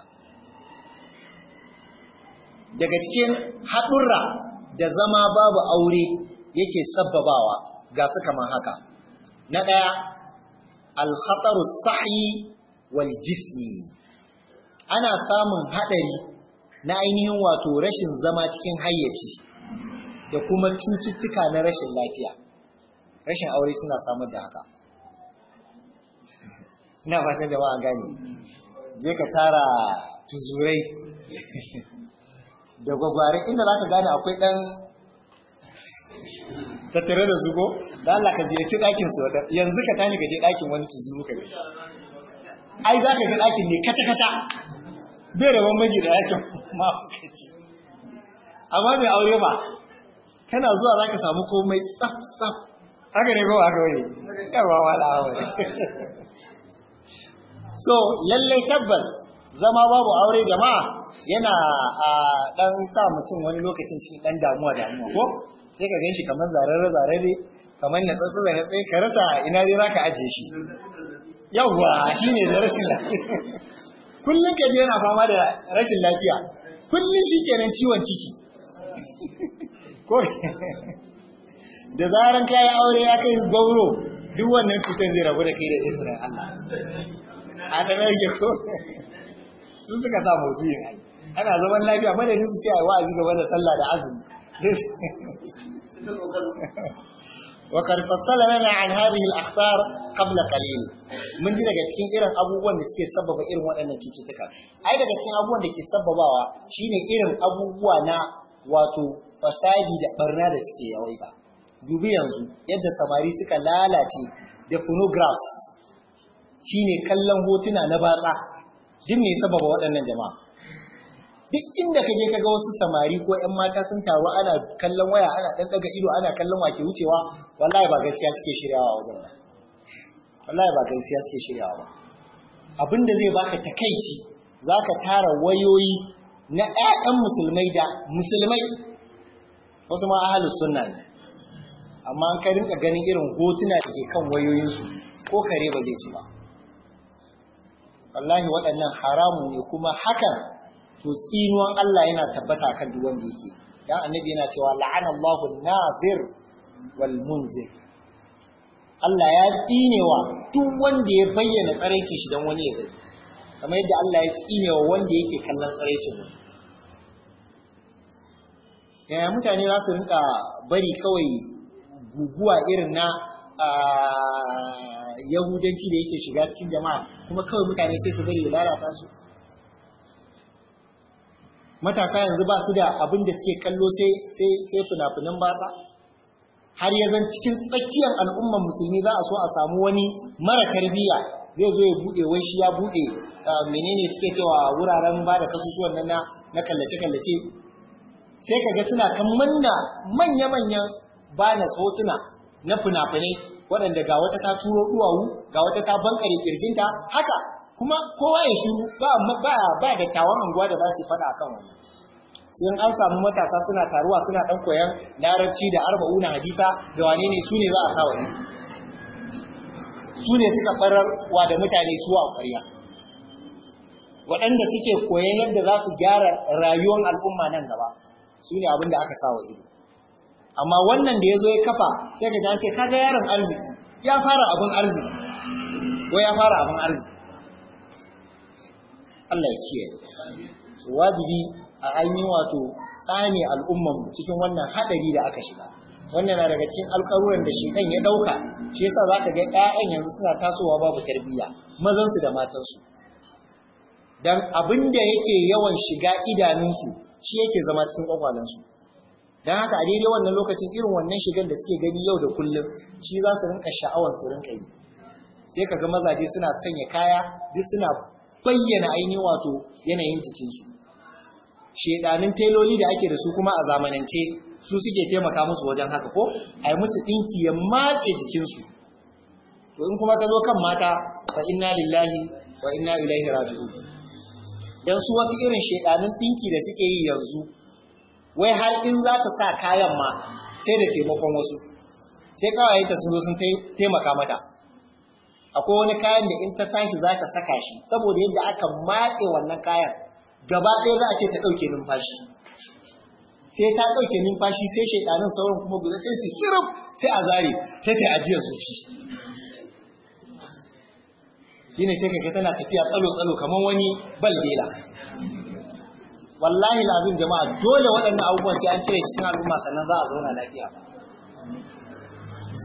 daga cikin haɗurra da zama babu aure yake sabbabawa ga su kamar haka na ɗaya alkhataru sa'i wal jismi ana samun haɗari na ainihin wato rashin zama cikin hayyaci da kuma cututtuka na rashin lafiya rashin aure suna samar da haka ina fatan jama'a gani je ka tara tuzurai da gwagware inda za ka gane akwai ɗan tattare da zugo da Allah ka ziyarci ɗakin su wata yanzu ka tani ka je ɗakin wani tuzuru ka ai za ka ga ɗakin ne kata-kata bai da bambanci da ɗakin mahaukaci amma mai aure ba kana zuwa za ka samu komai tsaf tsaf haka ne kowa haka wani yawa wala aure so lallai tabbas zama babu aure jama'a yana a dan sa mutum wani lokacin cikin dan damuwa da damuwa ko sai ka gan shi kamar zararre zararre kamar na tsatsa da tsaye ka rasa ina dai zaka ajiye shi yawwa shine da rashin lafiya kullum ka yana fama da rashin lafiya kullum shi kenan ciwon ciki ko da zaran kayan aure ya kai gauro duk wannan cutar zai rabu da kai da isra Allah a tsanar ke ko su suka sa motsi yin ana zaman lafiya madadin su ce a wa'azi gaba da sallah da azumi وقد فصل لنا عن هذه الاخطار قبل قليل mun ji daga cikin irin abubuwan da suke sababa irin waɗannan cututtuka ai daga cikin abubuwan da ke sababawa shine irin abubuwa na wato fasadi da barna da suke ba dubi yanzu yadda samari suka lalace da phonographs shine kallon hotuna na batsa duk me sababa waɗannan jama'a duk inda kaje kaga wasu samari ko ƴan mata sun taru ana kallon waya ana dan daga ido ana kallon wake wucewa wallahi ba gaskiya suke shiryawa wajen ba wallahi ba gaskiya suke shiryawa ba abinda zai baka takeici zaka tara wayoyi na ƴaƴan musulmai da musulmai wasu ma ahalus sunna ne amma an ka rinka ganin irin hotuna da ke kan wayoyinsu ko kare ba zai ci ba wallahi waɗannan haramu ne kuma hakan to tsinuwan Allah yana tabbata kan duk wanda yake ya annabi yana cewa la'ana Allahu nazir wal munzir Allah ya tsinewa duk wanda ya bayyana tsaraicin shi dan wani ya gani kamar yadda Allah ya tsinewa wanda yake kallon tsaraicin yaya mutane za su rinka bari kawai guguwa irin na yahudanci da yake shiga cikin jama'a kuma kawai mutane sai su bari ya lalata su matasa yanzu ba su da abin da suke kallo sai sai fina-finan batsa har ya zan cikin tsakiyar al'ummar musulmi za a so a samu wani mara tarbiyya zai zo ya buɗe wai shi ya buɗe, menene suke cewa wuraren ba da kasusuwan nan na kallace-kallace sai ka ga suna kan manna manya-manyan bana hotuna na fina-finai waɗanda ga wata ta turo duwawu ga wata ta bankare kirjinta haka kuma kowa ya shiru ba ba ba da tawon anguwa da za su faɗa wani. Su in an samu matasa suna taruwa suna ɗan koyan larabci da arba'una hadisa da wane ne su ne za a sa wani su ne suka wa da mutane tuwa a ƙarya waɗanda suke koyan yadda za su gyara rayuwar al'umma nan gaba su ne abin da aka sa wa ido amma wannan da ya zo ya kafa sai ka ce 'Ka kaga yaron arziki ya fara abin arziki ko ya fara abin arziki Allah ya kiyaye wajibi a ainihin wato tsane al'ummar cikin wannan hadari da aka shiga wannan na daga cikin alƙaruran da shekan ya ɗauka shi yasa za ka ga 'ya'yan yanzu suna tasowa babu tarbiyya mazansu da matansu don abin da yake yawan shiga idanunsu shi yake zama cikin kwakwalansu don haka a daidai wannan lokacin irin wannan shigan da suke gani yau da kullum shi za su rinka sha'awar su rinka yi sai ka ga mazaje suna sanya kaya duk suna bayyana ainihin wato yanayin jikinsu shedanin teloli da ake da su kuma a zamanance su suke taimaka musu wajen haka ko a yi musu ɗinki ya matse jikinsu to in kuma ka zo kan mata fa inna lillahi wa inna ilaihi raji'un don su wasu irin shaidanun ɗinki da suke yi yanzu wai har in za ta sa kayan ma sai da taimakon wasu sai kawai ta sun zo sun taimaka mata akwai wani kayan da in ta tashi za ta saka shi saboda yadda aka matse wannan kayan gaba ɗaya za a ce ta ɗauke numfashi sai ta ɗauke numfashi sai shaidanin sauran kuma guda sai su sirif sai a zare sai ta ajiyar zuci shine sai kake tana tafiya tsalo tsalo kamar wani balbela wallahi lazim jama'a dole waɗannan abubuwan sai an cire cikin al'umma sannan za a zauna lafiya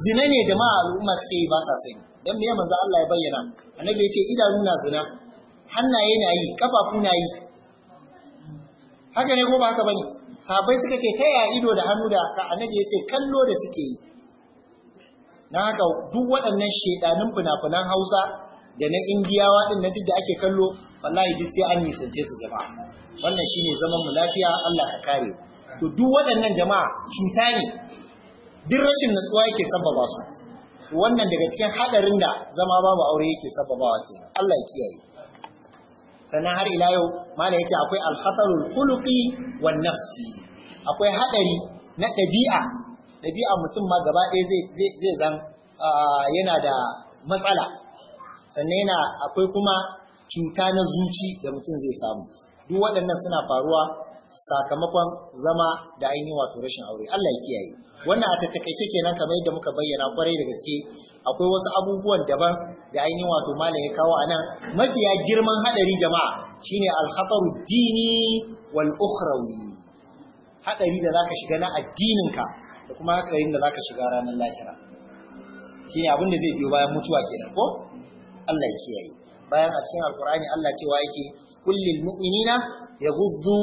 zina ne jama'a al'umma suke yi ba sa sani dan me manzo Allah ya bayyana annabi ya ce idanu na zina hannaye na yi kafafu na yi haka ne ko ba haka bane sabai suka ce ta yaya ido da hannu da ka annabi ya ce kallo da suke yi na haka duk waɗannan shedanin fina-finan Hausa da na indiyawa din na duk da ake kallo wallahi duk sai an nisance su jama'a wannan shine zaman mu lafiya Allah ka kare to duk waɗannan jama'a cuta ne duk rashin natsuwa yake sabbaba su wannan daga cikin hadarin da zama babu aure yake sabbabawa ke Allah ya kiyaye sannan har ila yau mala yace akwai al-khatarul khuluqi wan nafsi akwai hadari na dabi'a dabi'a mutum ma gaba ɗaya zai zai zan ah, yana da matsala sannan yana akwai kuma cuta na zuci da mutum zai samu duk waɗannan suna faruwa sakamakon zama da ainihin wato rashin aure Allah ya kiyaye wannan a takaice kenan kamar yadda muka bayyana kwarai da gaske akwai wasu abubuwan daban da ainihin wato malam ya kawo anan mafiya girman hadari jama'a shine al-khataru dini wal ukhrawi hadari da zaka shiga na ka da kuma hadarin da zaka shiga ranar lahira shine abin da zai biyo bayan mutuwa kenan ko Allah ya kiyaye bayan a cikin alkur'ani Allah cewa yake kullil mu'minina yaghuddu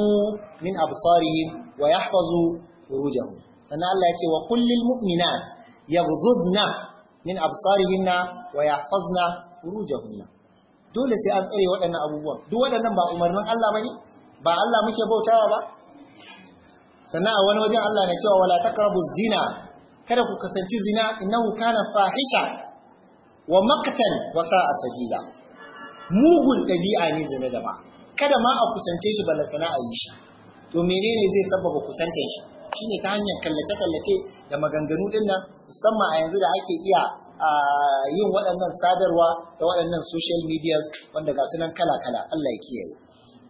min absarihim wa yahfazu furujahum sannan Allah ya ce wa kullil mu'minat yaghuddna min absarihinna wa yahfazna furujahunna dole sai an tsare waɗannan abubuwan duk waɗannan ba umarnin Allah bane ba Allah muke bautawa ba sannan a wani wajen Allah na cewa wala taqrabu zina kada ku kasance zina innahu kana fahisha wa makatan wa sa'a sabila mugun ɗabi'a ne zina da kada ma a kusance shi balantana a yi shi to menene zai sababa kusantar shi shine ta hanyar kallace-kallace da maganganu din nan musamman a yanzu da ake iya yin waɗannan sadarwa da waɗannan social medias wanda ga sunan kala-kala Allah ya kiyaye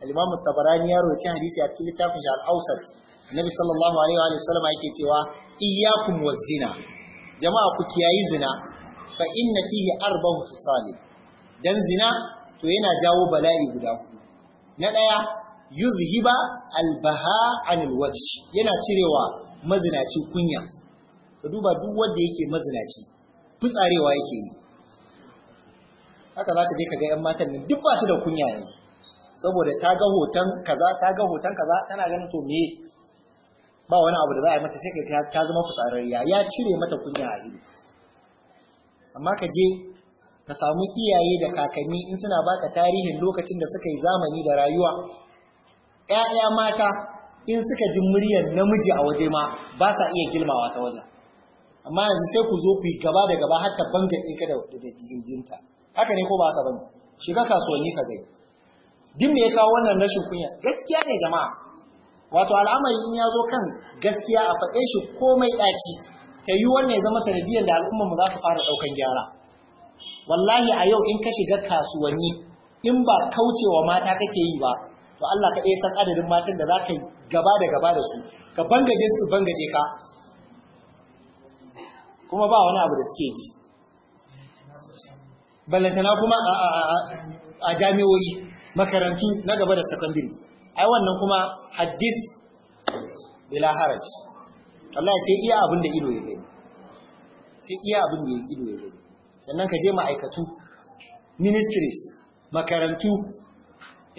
al-Imam Tabarani ya hadisi a cikin littafin shi al-Awsat Annabi sallallahu alaihi wa sallam yake cewa iyyakum wazina jama'a ku kiyayi zina fa inna fihi arba'u khisali dan zina to yana jawo bala'i guda hudu na daya yuzhiba albaha anil wajh yana cirewa mazinaci kunya ka duba duk wanda yake mazinaci fitsarewa yake yi haka zaka je ka ga yan matan nan duk ba su da kunya ne, saboda ta ga hoton kaza ta ga hoton kaza tana ganin to me ba wani abu da za a yi mata sai ta zama fitsarariya ya cire mata kunya a ido amma ka je ka samu iyaye da kakanni in suna baka tarihin lokacin da suka yi zamani da rayuwa ƴaƴa mata in suka ji muryar namiji a waje ma ba sa iya girmawa ta wajen amma yanzu sai ku zo ku yi gaba da gaba har ta banga ka da gindinta haka ne ko ba haka bane shiga kasuwanni ka gani duk me ya kawo wannan rashin kunya gaskiya ne jama'a wato al'amari in ya zo kan gaskiya a faɗe shi komai ɗaci ta yi wannan ya zama sanadiyar da al'ummar mu za su fara daukan gyara wallahi a yau in ka shiga kasuwanni in ba kaucewa mata kake yi ba to Allah kaɗai san adadin matan da za ka yi gaba da gaba da su ka bangaje su bangaje ka kuma ba wani abu da suke ji ballantana kuma a jami'o'i makarantu na gaba da sakandiri ai wannan kuma hadis bila haraji Allah sai iya abin da ido ya gani sai iya abin da ido ya gani sannan ka je ma'aikatu ministries makarantu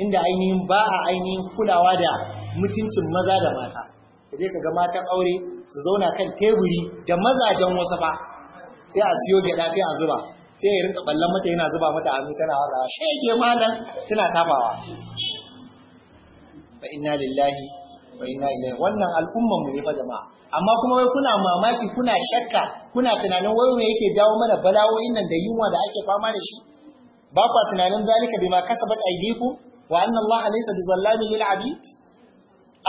inda ainihin ba a ainihin kulawa da mutuncin maza da mata ka je ka ga matan aure su zauna kan teburi da mazajen wasu ba sai a siyo gyada sai a zuba sai ya rinka ballan mata yana zuba mata hannu tana harawa shege malam suna tabawa fa inna lillahi wa inna ilaihi wannan al'umman mu ne fa jama'a amma kuma wai kuna mamaki kuna shakka kuna tunanin wai me yake jawo mana bala'o'in nan da yunwa da ake fama da shi ba kwa tunanin zalika bima kasabat aydikum wa anna Allah laysa bizallamin lil abid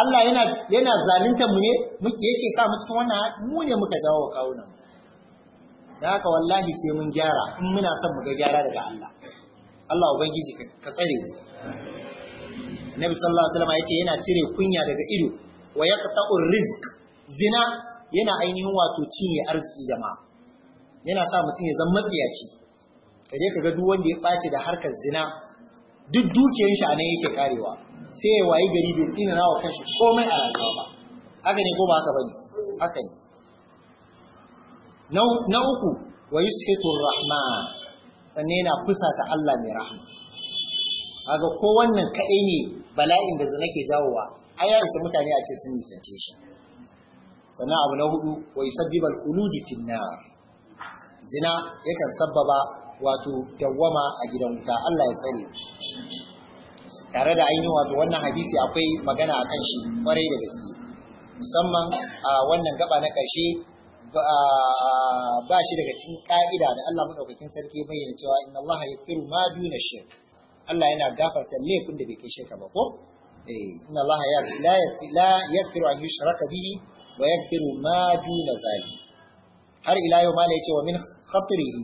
Allah yana yana zalunta mu ne muke yake sa mu cikin wannan mu ne muka jawo kawunan da haka wallahi sai mun gyara in muna son mu ga gyara daga Allah Allah ubangiji ka tsare mu Nabi sallallahu alaihi wasallam yace yana cire kunya daga ido wa yaqta'ur rizq zina yana ainihin wato cinye arziki jama'a yana sa mutum ya zama matsiyaci je ka ga duk wanda ya ɓaci da harkar zina duk dukiyar shi a yake karewa sai ya wayi gari bai tsina nawa kanshi komai a rayuwa ba haka ne ko ba haka bane haka ne na uku wa yusfitu rahman sannan yana ta Allah mai rahama kaga ko wannan ne bala'in da zina ke jawowa ai ya isa mutane a ce sun nisance shi sannan abu na hudu wa yusabbibu al-khuludi fin nar zina yakan sabbaba wato dawwama a gidan wuta Allah ya tsare tare da ainihin wato wannan hadisi akwai magana akan shi kwarai da gaske musamman a wannan gaba na ƙarshe ba shi daga cikin ka'ida da Allah madaukakin sarki ya bayyana cewa inna Allah yaghfiru ma duna shirk Allah yana gafarta laifin da bai kai shirka ba ko eh inna Allah ya la yaghfiru an bihi wa yaghfiru ma duna zalik har ila yau mala yace wa min khatrihi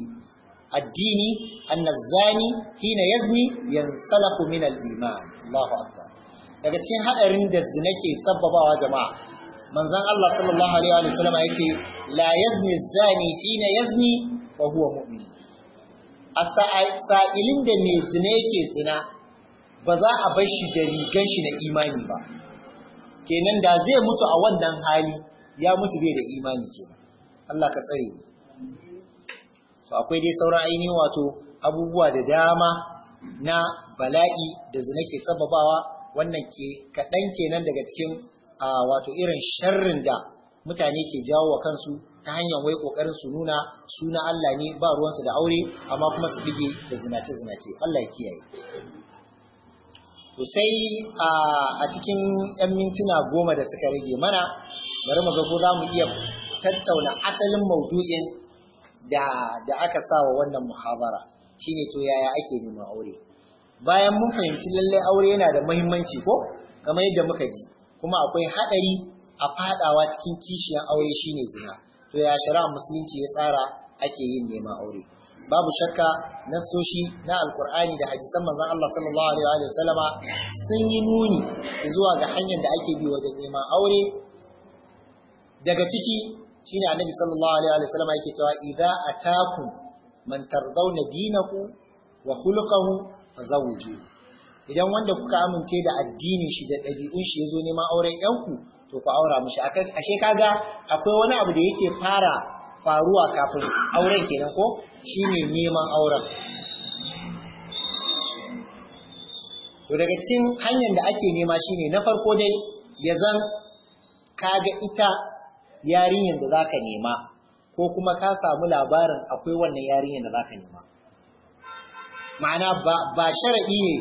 addini an zani hina yazni yansalakhu min al-iman Allahu akbar daga cikin hadarin da zina ke sabbabawa jama'a manzon Allah sallallahu alaihi wa sallam yace la yazni zani hina yazni wa huwa mu'min sa'ilin da mai zina yake zina ba za a bar shi da rigan shi na imani ba kenan da zai mutu a wannan hali ya mutu bai da imani kenan Allah ka tsare mu to akwai dai sauran ainihin wato abubuwa da dama na bala'i da zina ke sababawa wannan ke kaɗan kenan daga cikin wato irin sharrin da mutane ke jawo wa kansu ta hanyar wai ƙoƙarin su nuna suna Allah ne ba ruwansu da aure amma kuma su bige da zinace-zinace Allah ya kiyaye To sai a cikin 'yan mintuna goma da suka rage mana, bari mu ga ko za mu iya tattauna asalin maudu'in da aka sa wa wannan muhabara shine to yaya ake neman aure. Bayan mun fahimci lallai aure yana da mahimmanci ko kamar yadda muka ji, kuma akwai haɗari a fadawa cikin kishiyan aure shine zina. To ya shari'a musulunci ya tsara ake yin neman aure. babu shakka nassoshi na alkur'ani da hadisan manzon Allah sallallahu alaihi wa sallama sun yi nuni zuwa ga hanyar da ake bi wajen neman aure daga ciki shine annabi sallallahu alaihi wa sallama yake cewa idza ataku man tardawna dinahu wa khuluquhu fazawwiju idan wanda kuka amince da addinin shi da ɗabi'un shi yazo neman auren yanku to ku aura mishi ashe kaga akwai wani abu da yake fara faruwa kafin auren kenan ko shine neman auren to daga cikin hanyar da ake nema shine na farko dai ya zan kaga ita yarinyar da ka nema ko kuma ka samu labarin akwai wannan yarinyar da zaka nema ma'ana ba sharaɗi ne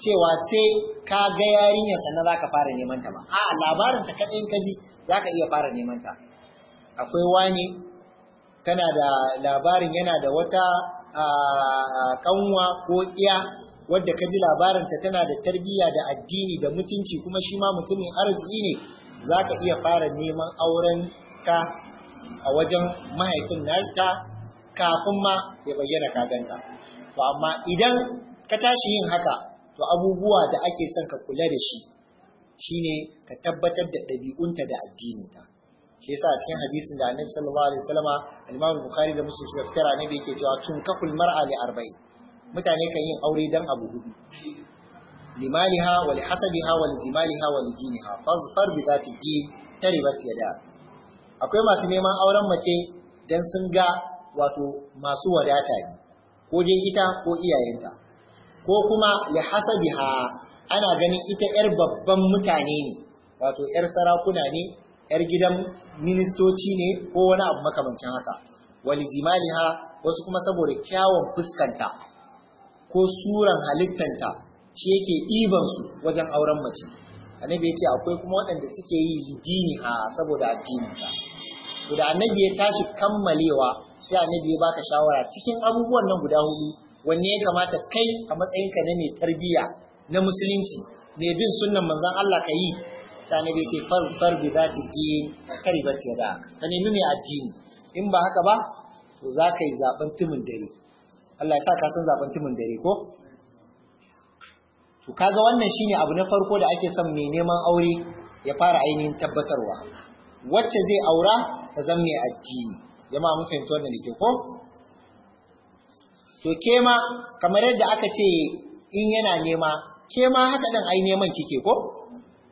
cewa sai ka ga yarinyar sannan zaka fara neman ta ba a labarin ta kadai ka ji zaka iya fara neman ta akwai wani tana da labarin yana da wata kanwa ko iya wadda ka ji labarinta tana da tarbiyya da addini da mutunci kuma shi ma mutumin arziki ne za ka iya fara neman auren ta a wajen mahaifin nata kafin ma ya bayyana kaganta to amma idan ka tashi yin haka to abubuwa da ake son ka kula da shi shine ka tabbatar da ɗabi'unta da addininta shi yasa a cikin hadisin da annabi sallallahu alaihi wasallama al-imam bukhari da muslim suka fitar annabi yake cewa tun kaful mar'a li arba'in mutane kan yin aure dan abu hudu limaliha wa li hasabiha wa li jimaliha wa li diniha fazfar bi zati di taribat yada akwai masu neman auren mace dan sun ga wato masu wadata ne ko dai ita ko iyayenta ko kuma li hasabiha ana ganin ita yar babban mutane ne wato yar sarakuna ne yar gidan ministoci ne ko wani abu makamancin haka ha wasu kuma saboda kyawun fuskanta ko suran halittanta shi yake ɗiban su wajen auren mace annabi ya ce akwai kuma waɗanda suke yi dini a saboda addinin ta. Guda annabi ya tashi kammalewa sai annabi ya baka shawara cikin abubuwan nan guda hudu wanne ya kamata kai a matsayinka na mai tarbiyya na musulunci mai bin sunnan manzon Allah ka yi ta annabi ya ce fazfar bi zati din karibat yada ka nemi mai addini in ba haka ba to za ka yi zaben tumin dare Allah ya sa ka san zaben tumin dare ko to kaga wannan shine abu na farko da ake son mai neman aure ya fara ainihin tabbatarwa wacce zai aura ta zama mai addini jama'a mun fahimci wannan da ke ko to ke ma kamar yadda aka ce in yana nema ke ma haka din ai neman kike ko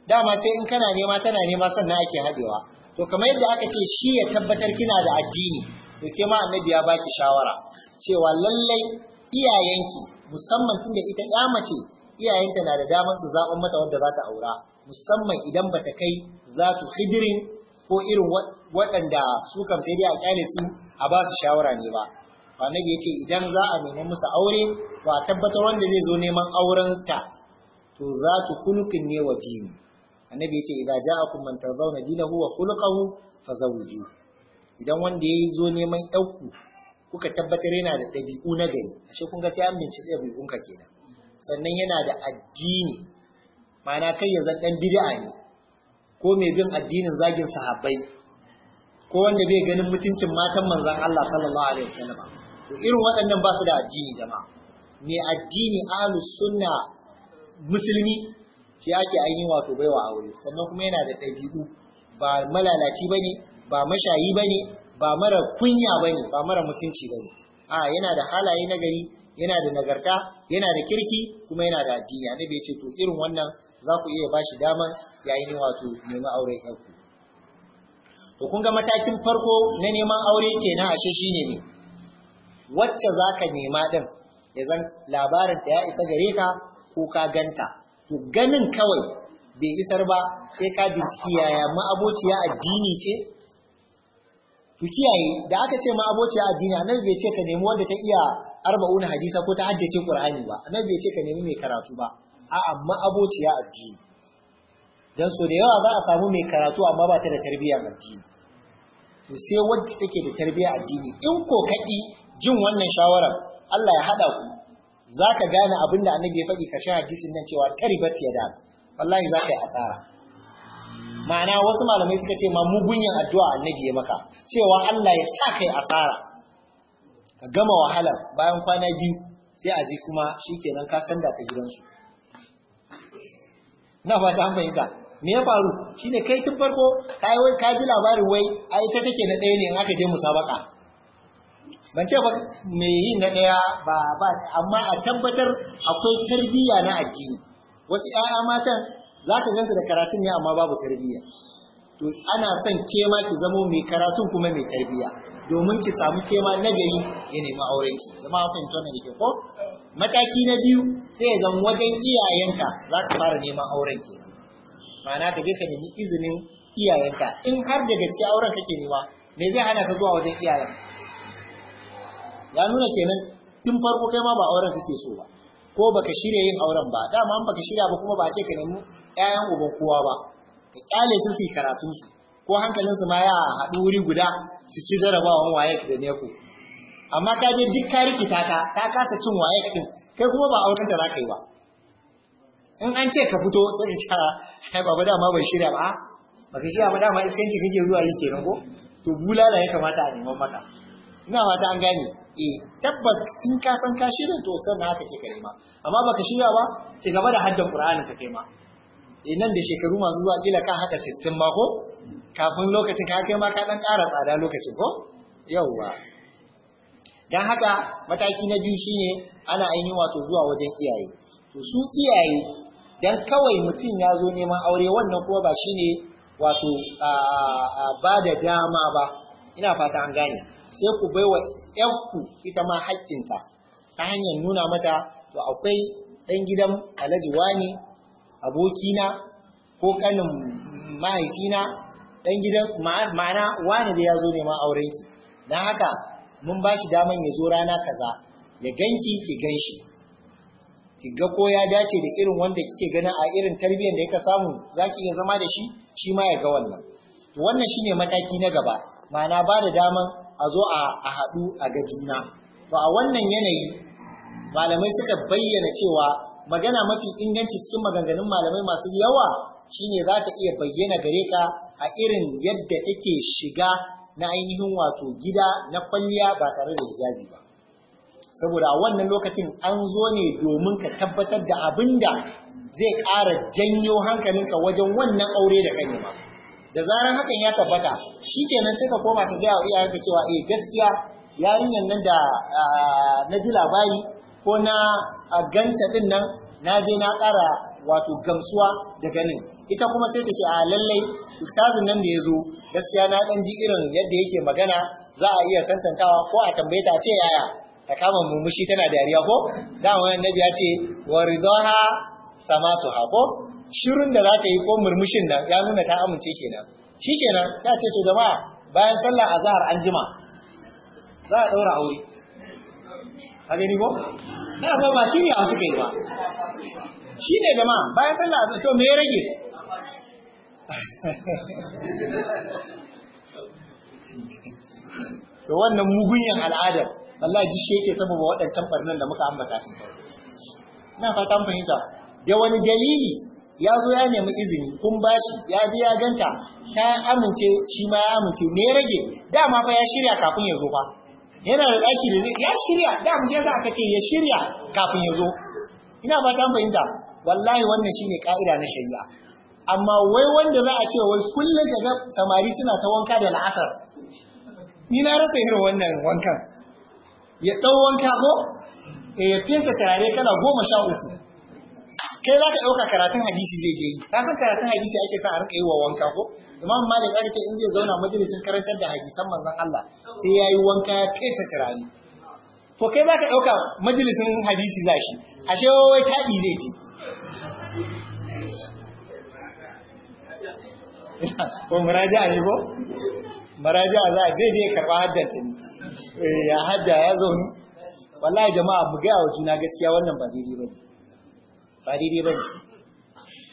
dama sai in kana nema tana nema sannan ake haɗewa to kamar yadda aka ce shi ya tabbatar kina da addini to ke ma annabi ya baki shawara cewa lallai iyayenki musamman tunda ita ya mace iyayenta na da damar su zaɓen mata wanda za ta aura musamman idan bata kai za tu hidirin ko irin waɗanda su kam sai dai a ƙyale su a ba su shawara ne ba ba na ce idan za a nemi musu aure ba tabbatar wanda zai zo neman aurenta to za tu hulukin ne wa jini annabi yace idza ja'akum man tazawna dinahu wa khuluquhu fazawwiju idan wanda yayi zo neman ɗauku kuka tabbatar yana da ɗabi'u na gari ashe kun ga sai an bincike ɗabi'un ka kenan sannan yana da addini ma'ana kai ya zan dan bid'a ne ko mai bin addinin zagin sahabbai ko wanda bai ganin mutuncin matan manzon Allah sallallahu alaihi wasallam to irin waɗannan ba su da addini jama'a mai addini ahlus sunna musulmi shi ake ainihin wato baiwa aure sannan kuma yana da ɗabi'u ba malalaci bane ba mashayi bane ba mara kunya bane ba mara mutunci bane a yana da halaye nagari, yana da nagarta yana da kirki kuma yana da addini ne bai ce to irin wannan za ku iya bashi daman yayin wato neman auren ku to kun ga matakin farko na neman aure kenan ashe shine ne wacce zaka nema din ya zan labarin ta ya isa gare ka ko ka ganta to ganin kawai bai isar ba sai ka binciki yaya ma'abociya addini ce to kiyaye da aka ce ma'abociya addini annabi bai ce ka nemi wanda ta iya arba'una hadisa ko ta haddace qur'ani ba annabi bai ce ka nemi mai karatu ba a'a ma'abociya addini dan so da yawa za a samu mai karatu amma ba ta da tarbiyyar addini to sai wacce take da tarbiyyar addini in ko kadi jin wannan shawara Allah ya hada ku za ka gane abin da annabi ya faɗi ƙarshen hadisin nan cewa karibat ya dana wallahi za ka yi asara ma'ana wasu malamai suka ce ma mugunyan addu'a annabi ya maka cewa Allah ya sa kai asara ka gama wahala bayan kwana biyu sai a ji kuma shikenan ka sanda ka gidansu na fata an fahimta me ya faru Shi ne, kai tun farko ka ji labarin wai ai ta take na ɗaya ne in aka je musabaka ban ce ba me yi na ɗaya ba ba amma a tabbatar akwai tarbiyya na addini wasu ƴaƴa matan za ka gansu da karatun ne amma babu tarbiyya to ana son kema ki zamo mai karatun kuma mai tarbiyya domin ki samu kema na gari ya nemi auren ki zama an fahimta da dake ko mataki na biyu sai ya zama wajen iyayenka za ka fara neman auren ki ma'ana ka je ka nemi izinin iyayenka in har da gaske auren kake nema me zai hana ka zuwa wajen iyayen ya nuna kenan tun farko kai ma ba auren kake so ba ko baka shirya yin auren ba dama baka shirya ba kuma ba ce ka nemi ƴaƴan uban kowa ba ka kyale su su karatun su ko hankalin su ma ya haɗu wuri guda su ci jarabawan waye da neku amma ka je duk ka rikita ka ka kasa cin waye din kai kuma ba auren da zaka yi ba in an ce ka fito sai ka kira kai baba dama ban shirya ba baka shirya ba dama iskanci kake zuwa yi kenan ko to bulala ya kamata a neman maka ina fata an gane E tabbas in ka san ka shirya to na aka ce kai ma amma baka shirya ba ci gaba da haddan qur'ani ka kai ma eh nan da shekaru masu zuwa kila ka haka 60 ma ko kafin lokacin ka kai ma ka dan ƙara tsada lokacin ko yawwa dan haka mataki na biyu shine ana aini wato zuwa wajen iyaye to su iyaye dan kawai mutum ya zo neman aure wannan kuma ba shine wato ba da dama ba ina fata an gane sai ku baiwa ‘yarku ita ma haƙƙinta ta hanyar nuna mata to akwai ɗan gidan alhaji wani abokina ko ƙanin mahaifina ɗan gidan ma'ana wani da ya zo ne neman aurenki don haka mun ba shi daman ya zo rana kaza ya ganki ki ganshi ki ga ko ya dace da irin wanda kike gani a irin tarbiyyar da ka samu zaki iya zama da shi shi ma ya ga wannan wannan shine mataki na gaba ma'ana ba da daman a zo a haɗu a ga juna to a wannan yanayi malamai suka bayyana cewa magana mafi inganci cikin maganganun malamai masu yawa shine za ta iya bayyana gare ka a irin yadda take shiga na ainihin wato gida na kwalliya ba tare da hijabi ba saboda a wannan lokacin an zo ne domin ka tabbatar da abin da zai ƙara janyo hankalinka wajen wannan aure da kake ba da zarar hakan ya tabbata shi kenan sai ka koma ka gaya wa iyayenka cewa eh gaskiya yarinyar nan da na ji labari ko na ganta din nan na je na ƙara wato gamsuwa da ganin ita kuma sai ta ce a lallai ustazin nan da ya zo gaskiya na ɗan ji irin yadda yake magana za a iya santantawa ko a tambaye ta ce yaya ta kama murmushi tana dariya ko dama annabi ya ce wa ridaha samatuha ko shirun da za ta yi ko murmushin nan ya nuna ta amince kenan shikenan sai a ce to jama'a bayan sallar azhar an jima za a daura aure A gani ko na ba ba shi ne a suka yi ba shi ne jama'a bayan sallar a to me ya rage to wannan mugunyan al'adar wallahi ji shi yake saboda waɗancan barnan da muka ambata su na fata mun fahimta da wani dalili ya zo ya nemi izini kun bashi ya je ya ganta ta amince shi ma ya amince me ya rage dama fa ya shirya kafin ya zo fa yana da daki da zai ya shirya dama shi za aka ce ya shirya kafin ya zo ina ba ta fahimta wallahi wannan shine ka'ida na shari'a amma wai wanda za a ce wai kullum kaga samari suna ta wanka da la'asar ni na rasa irin wannan wankan ya ɗau wanka ko eh, ya fesa tare kala goma sha uku kai za ka ɗauka karatun hadisi zai je yi ka san karatun hadisi ake sa a rika yi wa wanka ko imam malik aka ce in zai zauna majalisin karantar da hadisan manzon Allah sai ya yi wanka ya fesa turare to kai za ka ɗauka majalisin hadisi za shi ashe wai taɗi zai je ko muraja ne ko maraja za a je je karɓa haddar ta ne eh, ya hadda ya zaune wallahi jama'a mu gaya wa juna gaskiya wannan ba daidai ba ne ba daidai ba ne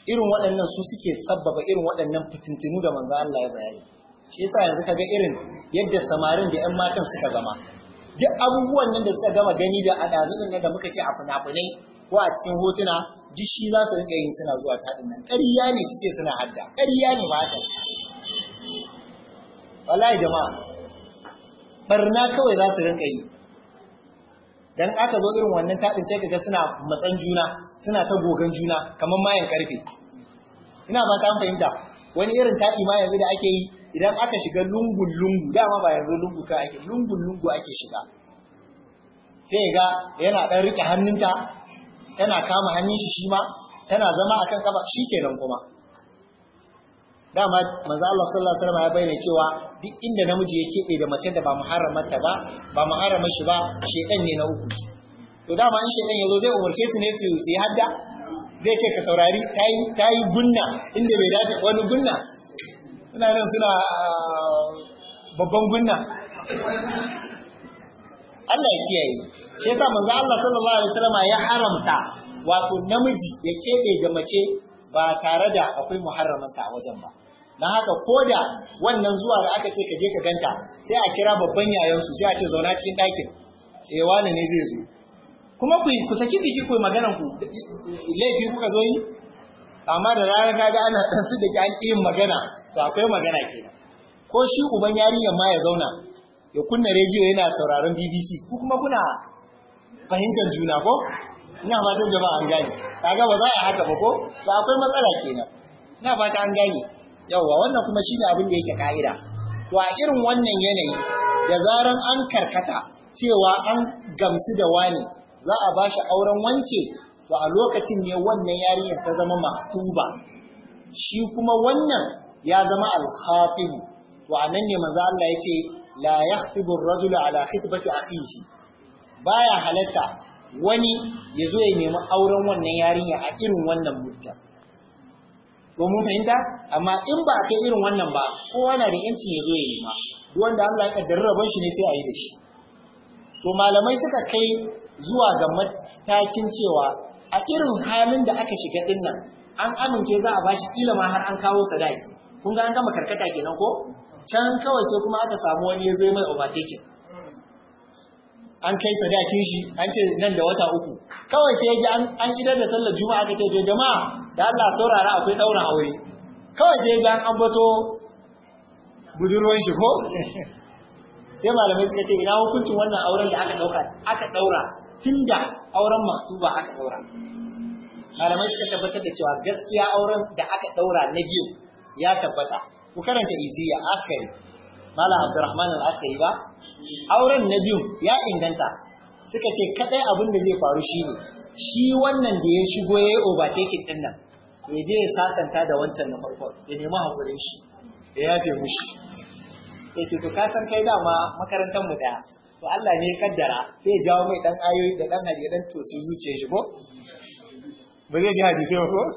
irin waɗannan su suke sabbaba irin waɗannan fitintinu da manzo Allah ya bayani shi yasa yanzu kaga irin yadda samarin da ƴan matan suka zama duk abubuwan nan da suka gama gani da adadin nan da muka ce a funafunai ko a cikin hotuna duk shi za su rinka yin suna zuwa taɗin nan ƙarya ne su ce suna hadda ƙarya ne ba haka wallahi jama'a barna kawai za su rinka yi dan aka zo irin wannan taɗin sai kaga suna matsan juna suna ta gogan juna kamar mayan karfe ina ba ta fahimta wani irin taɗi ma yanzu da ake yi idan aka shiga lungun lungu dama ba yanzu lungu ka ake lungun lungu ake shiga sai ga yana dan rike hannunta tana kama hannun shi shi ma tana zama akan kafa shikenan kuma dama manzo Allah sallallahu alaihi wasallam ya bayyana cewa duk inda namiji ya kebe da mace da ba muharramata ba ba muharrama shi ba shedan ne na uku to dama in shedan yazo zai umarce su ne su yi hadda zai ce ka saurari tayi tayi gunna inda bai dace wani gunna suna nan suna ah, babban gunna Allah ya kiyaye shi yasa manzo Allah sallallahu alaihi wasallam ya haramta wato namiji ya kebe da mace ba tare da akwai muharramanta a wajen ba Na haka ko da wannan zuwa da aka ce ka je ka ganta sai a kira babban yayansu sai a ce zauna cikin ɗakin E, ne zai zo kuma ku ku saki jiki ku maganan ku laifi kuka zo yi amma da rana ka ga ana dan su da ki an yin magana to akwai magana kenan ko shi uban yarinyar ma ya zauna ya kunna rediyo yana sauraron BBC ku kuma kuna fahimtar juna ko ina fatan jama'a an gane kaga ba za a haka ba ko ba akwai matsala kenan ina fata an gane yawwa wannan kuma shine abin da yake ka'ida to a irin wannan yanayi da zaran an karkata cewa an gamsu da wani za a bashi auren wance to a lokacin ne wannan yarinyar ta zama mahtuba shi kuma wannan ya zama al-khatib a nan ne manzo Allah yace la yahtibu ar-rajulu ala khitbati akhihi baya halatta wani ya zo ya nemi auren wannan yarinya a irin wannan mutum ko mun fahimta amma in ba a kai irin wannan ba kowa na da yanci ya zo ya nema duk wanda Allah ya kaddara rabon shi ne sai a yi da shi to malamai suka kai zuwa ga matakin cewa a irin halin da aka shiga din nan an amince za a bashi kila ma har an kawo sadaki kun ga an gama karkata kenan ko can kawai sai kuma aka samu wani ya zo mai overtaking an kai sadakin shi an ce nan da wata uku kawai sai ji an idan da sallar juma'a ce to jama'a da Allah saurara akwai daura aure kawai sai ji an ambato budurwan shi ko sai malamai suka ce ina hukuncin wannan auren da aka dauka aka daura tunda auren maktuba aka daura malamai suka tabbatar da cewa gaskiya auren da aka daura na biyu ya tabbata ku karanta iziya askari malam abdurrahman al-askari ba auren na biyun ya inganta suka ce kadai abin da zai faru shi ne. shi wannan da ya shigo ya yi overtaking din nan ya je ya sasanta da wancan na farko ya nemi hakurin shi ya yafe mushi ya ce to ka san kai dama makarantar mu daya to Allah ne ya kaddara sai ya jawo mai dan ayoyi da dan hadi dan su zuciyar shi ko ba zai ji hadisi ko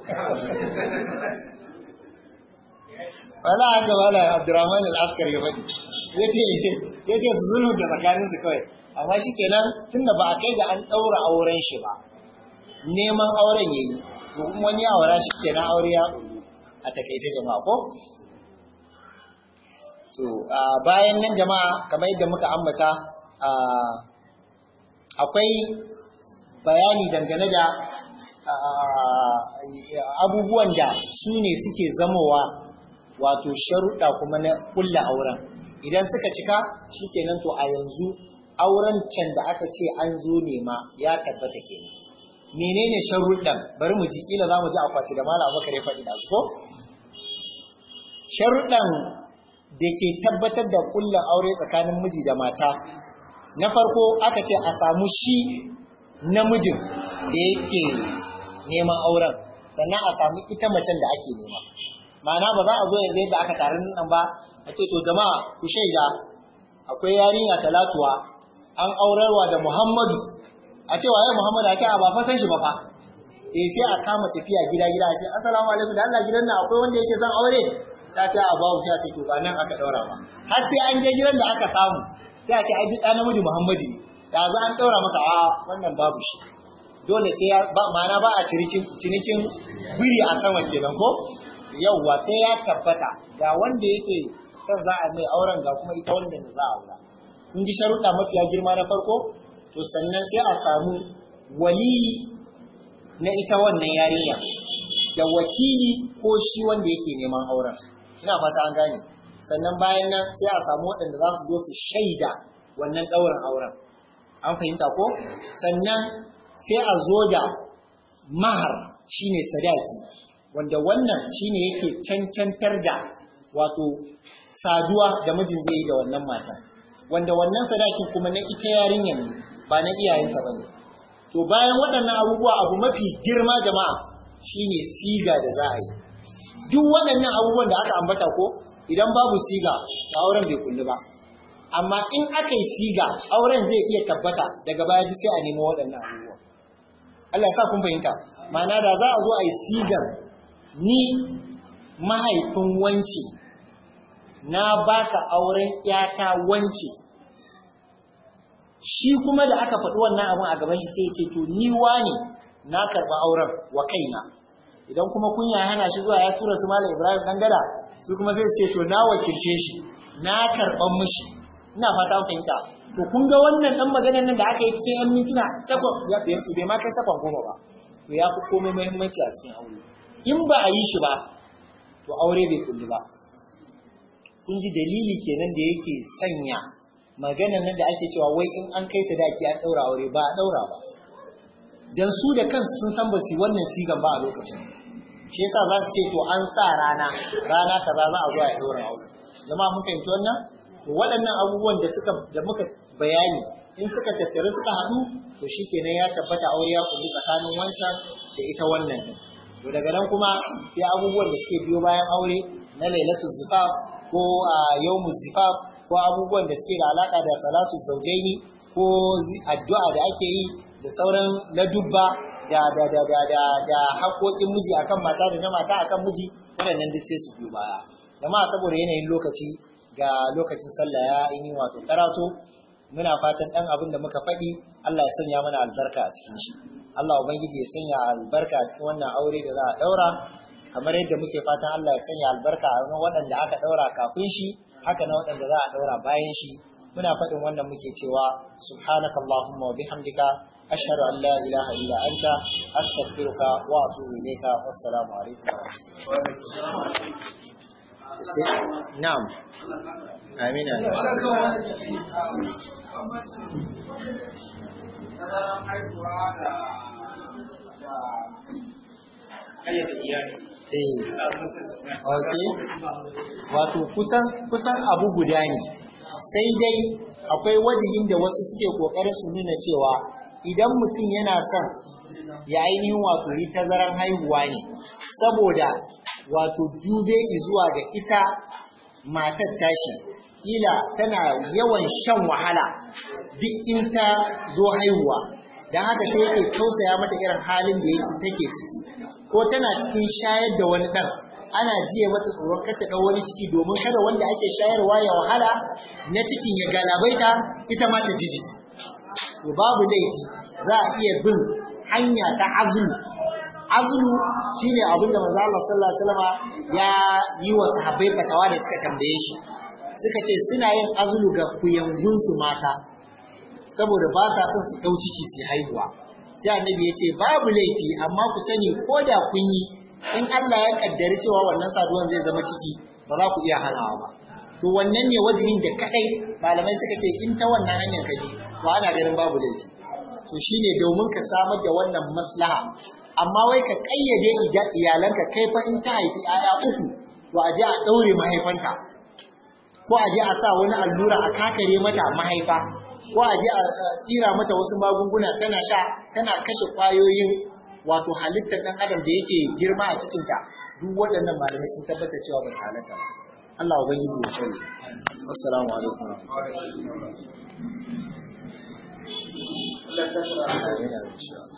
wala haka wala Abdurrahman al-Askari ya faɗi ya ce su zulu da tsakanin su kawai amma shi kenan tunda ba a kai da an ɗaura auren shi ba neman auren ya yi to kuma wani ya aura shi kenan aure ya a takaita jama'a ko to bayan nan jama'a kamar yadda muka ambata akwai bayani dangane da abubuwan da su ne suke zamowa wato sharuɗa kuma na ƙulla auren idan suka cika shi shikenan to a yanzu auren can da aka ce an zo nema ya tabbata kenan menene sharuɗan bari mu ji kila za mu ji akwati da malam abubakar ya faɗi da su ko sharuɗan da ke tabbatar da kullum aure tsakanin miji da mata na farko aka ce a samu shi namijin da yake neman auren sannan a samu ita macen da ake nema ma'ana ba za a zo yanzu yadda aka tarin nan ba A ce to jama'a ku shaida akwai yarinya talatuwa an aurarwa da Muhammadu a cewa yau Muhammadu ake a ba fa san shi ba fa eh sai a kama tafiya gida gida a ce assalamu alaikum da Allah gidan nan akwai wanda yake zan aure ta ce a babu sai a ce to ba nan aka daura ba har sai an je gidan da aka samu sai a ce ai da namiji Muhammadu ne da za an daura maka a wannan babu shi dole sai ba ma'ana ba a cinikin cinikin biri a saman kenan ko yauwa sai ya tabbata ga wanda yake kan za a mai auren ga kuma ita wanda da za a aura in ji sharuɗa mafiya girma na farko to sannan sai a samu wali na ita wannan yarinya da wakili ko shi wanda yake neman auren ina fata an gane sannan bayan nan sai a samu waɗanda za su zo su shaida wannan ɗaurin auren an fahimta ko sannan sai a zo da mahar shine sadaki wanda wannan shine yake cancantar da wato saduwa da mijin zai yi da wannan mata wanda wannan sadakin kuma na ita yarinyar ne ba na iyayenta ba ne to bayan waɗannan abubuwa abu mafi girma jama'a shine siga da za a yi duk waɗannan abubuwan da aka ambata ko idan babu siga da auren bai kullu ba amma in aka yi siga auren zai iya tabbata daga baya sai a nemo waɗannan abubuwa Allah ya sa kun fahimta ma'ana da za a zo a yi sigar ni mahaifin wanci na baka auren ‘yata wance shi kuma da aka faɗi wannan abin a gaban shi sai ce to ni ne na karɓi auren wa kaina idan kuma kunya hana shi zuwa ya tura su malam ibrahim dan gada su kuma zai ce to na wakilce shi na karɓan mishi ina fata fahimta to kun ga wannan dan maganar nan da aka yi cikin yan mintuna sakon ya bai ma kai sakon goma ba to ya fi komai muhimmanci a cikin aure in ba a yi shi ba to aure bai kulli ba kun ji dalili kenan da yake sanya magana nan da ake cewa wai in an kai sadaki a daura aure ba a daura ba dan su da kansu sun san ba su wannan sigan ba a lokacin shi yasa za su ce to an sa rana rana kaza za a zo a daura aure jama'a mun fahimci wannan waɗannan abubuwan da suka da muka bayani in suka tattare suka haɗu to shikenan ya tabbata aure ya kullu tsakanin wancan da ita wannan to daga nan kuma sai abubuwan da suke biyo bayan aure na lailatul zifaf ko a yau zifaf ko abubuwan da suke da alaka da salatu zaujaini ko addu'a da ake yi da sauran ladubba da da da da da da haƙoƙin miji akan mata da na mata akan miji waɗannan duk sai su biyo baya jama'a saboda yanayin lokaci ga lokacin sallah ya yi wato karatu, muna fatan ɗan abin da muka faɗi Allah ya sanya mana albarka a cikin shi Allah ubangiji ya sanya albarka a cikin wannan aure da za a ɗaura kamar yadda muke fatan Allah ya sanya albarka a waɗanda aka ɗaura kafin shi haka na waɗanda za a ɗaura bayan shi muna faɗin wannan muke cewa subhanaka allahumma wa bihamdika ashhadu an la ilaha illa anta astaghfiruka wa atubu ilayka wassalamu alaikum wa rahmatullahi na'am amina iyali eh okay wato kusan kusan abu guda ne sai dai akwai wajihin da wasu suke kokarin su nuna cewa idan mutum yana son ya ainihin wato yi tazaran haihuwa ne saboda wato dube zuwa ga ita matar tashi ila tana yawan shan wahala duk in ta zo haihuwa don haka sai yake tausaya mata irin halin da yake take ciki ko tana cikin shayar da wani ɗan ana jiya mata tsoron kata ɗan wani ciki domin kada wanda ake shayarwa ya wahala na cikin ya galabaita ita ma ta ji babu laifi za a iya bin hanya ta azumi azumi shine abin da manzo Allah sallallahu ya yi wa sahabbai fatawa da suka tambaye shi suka ce suna yin azumi ga kuyangunsu mata saboda ba sa son su ɗau ciki su haihuwa sai annabi ya ce babu laifi amma ku sani ko da kun yi in Allah ya kaddari cewa wannan saduwan zai zama ciki ba za ku iya hanawa ba to wannan ne wajihin da kadai malamai suka ce in ta wannan hanyar ka bi to ana ganin babu laifi to shine domin ka samar da wannan maslaha amma wai ka kayyade iyalanka kai fa in ta haifi 'ya'ya uku to a je a daure mahaifanta ko a je a sa wani allura a kakare mata mahaifa ko a je a tsira mata wasu magunguna tana sha tana kashe kwayoyin wato halittar ɗan adam da yake girma a cikinta duk waɗannan malamai sun tabbata cewa ba su halatta ba Allah ubangiji ya shirya assalamu alaikum warahmatullahi